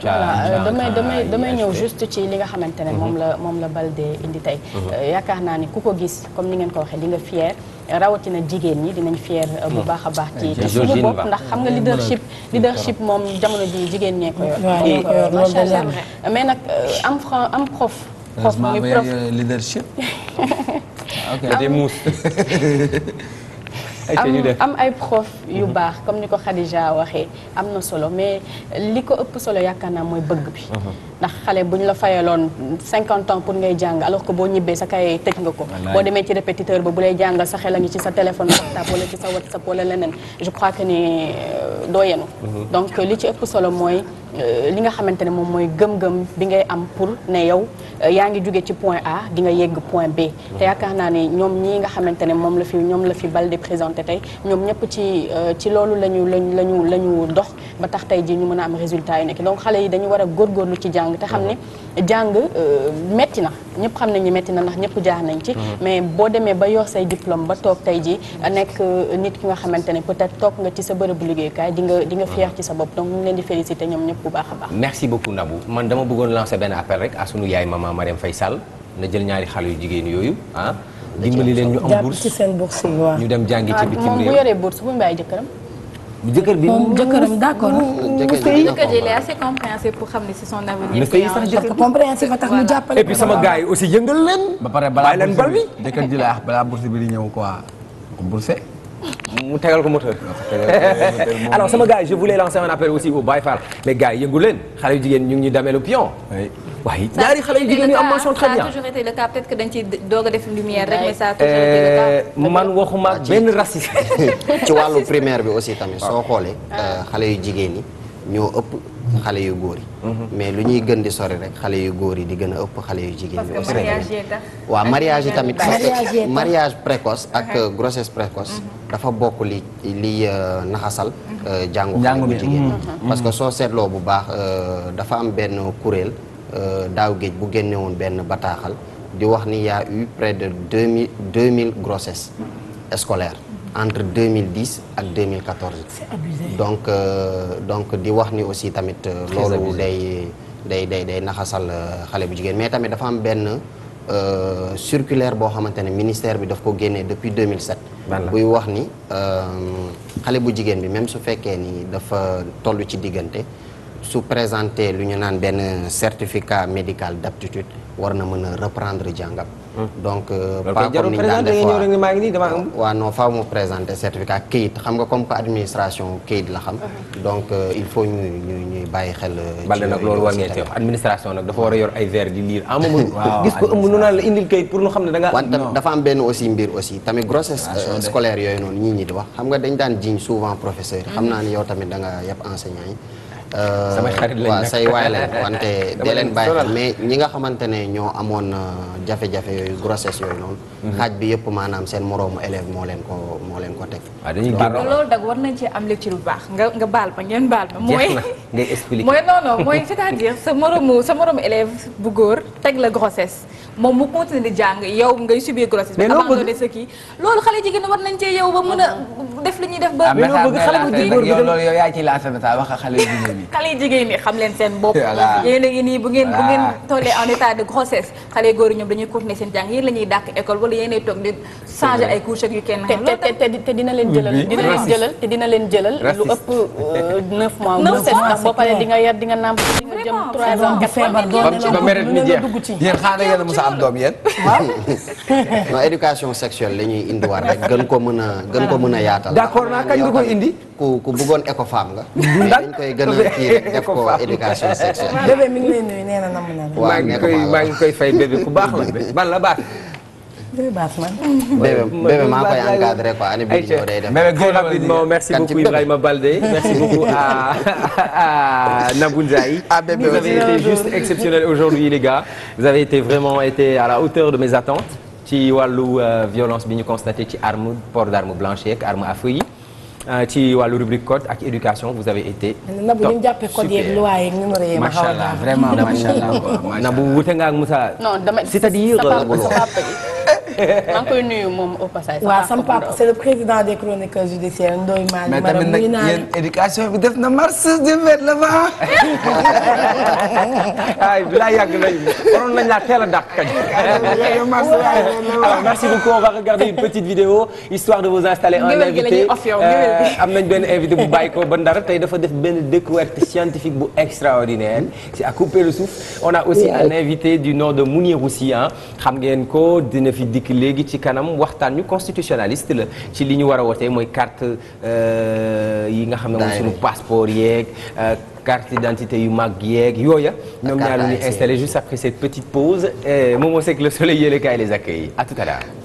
voilà euh, damay damay damay ñëw juste ci li nga xamante ne mhm. moom la moom la Baldé indi tey mhm. euh, yaakaar naa ni ku ko gis comme ni ngeen ko waxee li nga fier rawatina jigéen ñi dinañ fier euh, bu mhm. baax a baax ci te suñu bopp ndax xam nga leadership leadership moom jamono ji jigéen ñee ko yor macha allah mais nag am am prof prof muy prof *laughs* *laughs* am ay prof yu baax comme ni ko Khadija waxee am na solo mais li ko ëpp solo yaakaar naa mooy bëgg bi mhm. ndax xale bu ñu la fayaloon cinquante ans pour ngay jàng alors que boo ñibbee sa kay tëj nga ko boo demee ci répétiteur ba bu lay jàngal sa xel a ngi ci sa téléphone portable wala ci sa whatsapp wala leneen je crois que ni euh, doo yenu mhm. donc li ci ëpp solo mooy Euh, li nga xamante ne moom mooy gëm-gëm bi ngay am pour ne yow euh, yaa ngi jóge ci point A di nga yegg point B. te yaakaar naa ne ñoom ñii nga xamante ne moom la fi ñoom la fi Baldé présenté tey ñoom ñëpp ci euh, ci loolu la ñu lañu lañu la ñu dox ba tax tey ji ñu mën a am résultat yu nekk donc xale yi dañu war a góorgóorlu ci jàng te xam ne jàng euh, metti na ñëpp xam nañu metti na ndax ñëpp jaar nañ ci mhm. mais boo demee ba yoo say diplôme ba toog tey ji nekk euh, nit ki nga xamante ne peut-être toog nga ci sa bërëbu liggéeykaay di nga di nga fier ci sa bopp donc mu leen di féliciter ñoom ñëpp bu baax a baax merci beaucoup Nabou man dama bëggoon lancer benn appel rek à sunu yaay maman Marème Faye Sall na jël ñaari xale yu jigéen yooyu ah dimbali leen ñu am bourse seen bourse yi ñu dem jàngi ci ah, bitim réew moom bu yoree bourse bu mu jëkkër bi moom jëkkëram d' accord. jëkkër ji il est assez compréhensif pour xam ne c'est son avenir. parce que compréhensif a tax mu jàppale. et puis sama gars yi aussi yëngal leen. ba pare balaa bourse bi bàyyi leen bal bi. jëkkër ji laa balaa bourse bi di ñëw quoi bourse mu tegal ko moteur. alors sama gars yi je voulais lancer un appel aussi au Baye Fall mais gars yi yëngu leen xale yu jigéen ñu ngi ñu demee le pion. waaye ñaari xale yu jigéen ñu am mention très bien ça a toujours été le cas peut-être que dañ ciy doog a def lumière rek mais ça a toujours euh, été le cas. man waxuma ah, benn raciste. *laughs* ci wàllu primaire bi aussi tamit soo ah. xoolee. Ah. Euh, xale yu jigéen ñi. ñoo ëpp xale yu góor yi mhm. mais lu ñuy gën di sori rek xale yu góor yi di gën a ëpp xale yu jigéen ñi aussi waaw mariage yi tamit mariage précoce ak uh-huh. grossesse précoce uh-huh. dafa bokk li li euh, naxasal uh-huh. euh, jàngu xale bu jigéen parce que soo seetloo bu baax euh, dafa am benn kuréel daaw géej bu génne benn bataaxal di wax ni y a près de deux mille deux mille grossesses entre 2010 ak 2014. c'est abusé. donc euh, donc di wax ni aussi tamit. Euh, loolu day day day day naxasal euh, xale bu jigéen mais tamit dafa am benn euh, circulaire boo xamante ne ministère bi daf ko génnee depuis 2007. buy wax ni xale bu jigéen bi même su fekkee ni dafa tollu ci diggante su présenter lu ñu naan benn certificat médical d'aptitude. war na mën a reprendre jàngam. Hmm. donc euh, pas comme ni ñu daan def waaw non faaw mu présenter certificat kayit xam nga comme que administration kayit la xam. Hmm. donc euh, il faut ñu ñu ñuy bàyyi xel. Euh, ci balde nag loolu dafa war a yor ay verre di lire ah moom. *laughs* gis ko ëmb nu naan la indil kayit pour ñu xam ne da am benn aussi mbir aussi tamit grossesse ah, scolaire yooyu noonu ñii ñi di wax xam nga dañ daan jiiñ souvent professeur yi. xam hmm. naa ni yow tamit da nga yab yi. Euh, samay xarit lañ waaw say waay wante *laughs* dee leen bàyyi mais ñi nga xamante ne ñoo amoon euh, jafe-jafe yooyu grossesse yooyu noonu. Mhm. xaaj bi yëpp maanaam seen moroomu élève moo leen ko moo leen ko teg. waaw dañuy génn loolu dag war nañ ci am lecture bu baax nga nga baal ba ngeen baal ma. mooy ngay expliquer mooy non non mooy cest à sa moroomu sa moroomu élève bu góor teg la grossesse. moom mu continuer di jàng yow ngay subir grossesse bi ah, xam leen seen bopp yéen a ngi nii toog di changer ay couches ak te dina leen jëlal lu ëpp 9 euh, mois ndax boo paree di nga yar di nga nàmp di nga jëm 3 ans 4 ans a am doom yéen. *laughs* non éducation la ñuy indiwaat gën ko mën a gën ko mën a yaatal. d'accord naa kañ nga koy indi. ku ku bëggoon écofam nga. mais dañ koy gën a kii rek def ko éducation sexuelle. lay nuyu nee na nam na maa ngi koy maa ngi koy fay ku baax la ban la baax. day baax man. bébé bébé maa koy encadré quoi année bii ñëw day def. bébé go rapidement merci beaucoup Ibrahima Baldé merci beaucoup à Nabou Ndiaye. Ah, vous avez été juste exceptionnel aujourd'hui les gars vous avez été vraiment été à la hauteur de mes attentes ci wàllu euh, violence bi ñu constaté ci arme port d'arme blanche ak arme à feu yi. ci wàllu rubrique code ak éducation vous avez été. top super macha allah vraiment macha allah. *laughs* Nabou wute nga ak Moussa. non dama c'est-à-dire. maa ngi koy nuyu moom au passage. waaw sama papa c'est le président des chroniqueurs judiciaires Ndoye Mali. mais tamit nag yéen éducation bi def na mars du mètre la fa. ay bi laa yàgg nañu waroon nañu laa teel a dàq kañ. alors *laughs* merci beaucoup on va regarder une petite vidéo histoire de vous installer un invité euh, am nañ benn invité bu bàyyi ko ba Ndar tey dafa def benn découverte scientifique bu extraordinaire c'est à couper le souffle on a aussi un invité du nord de Mounirou Sy xam ngeen ko dina fi dikk léegi ci kanam waxtaan ñu constitutionnaliste la ci li ñu war a wotee mooy carte euh, yi nga xam ne mooy suñu passeport yeeg euh, carte d'identité yu mag yeeg yooya ñoom ñaar lu ñu installé juste après cette petite pause Momo Seck le soleil yéene kaay les accueille à tout à l'heure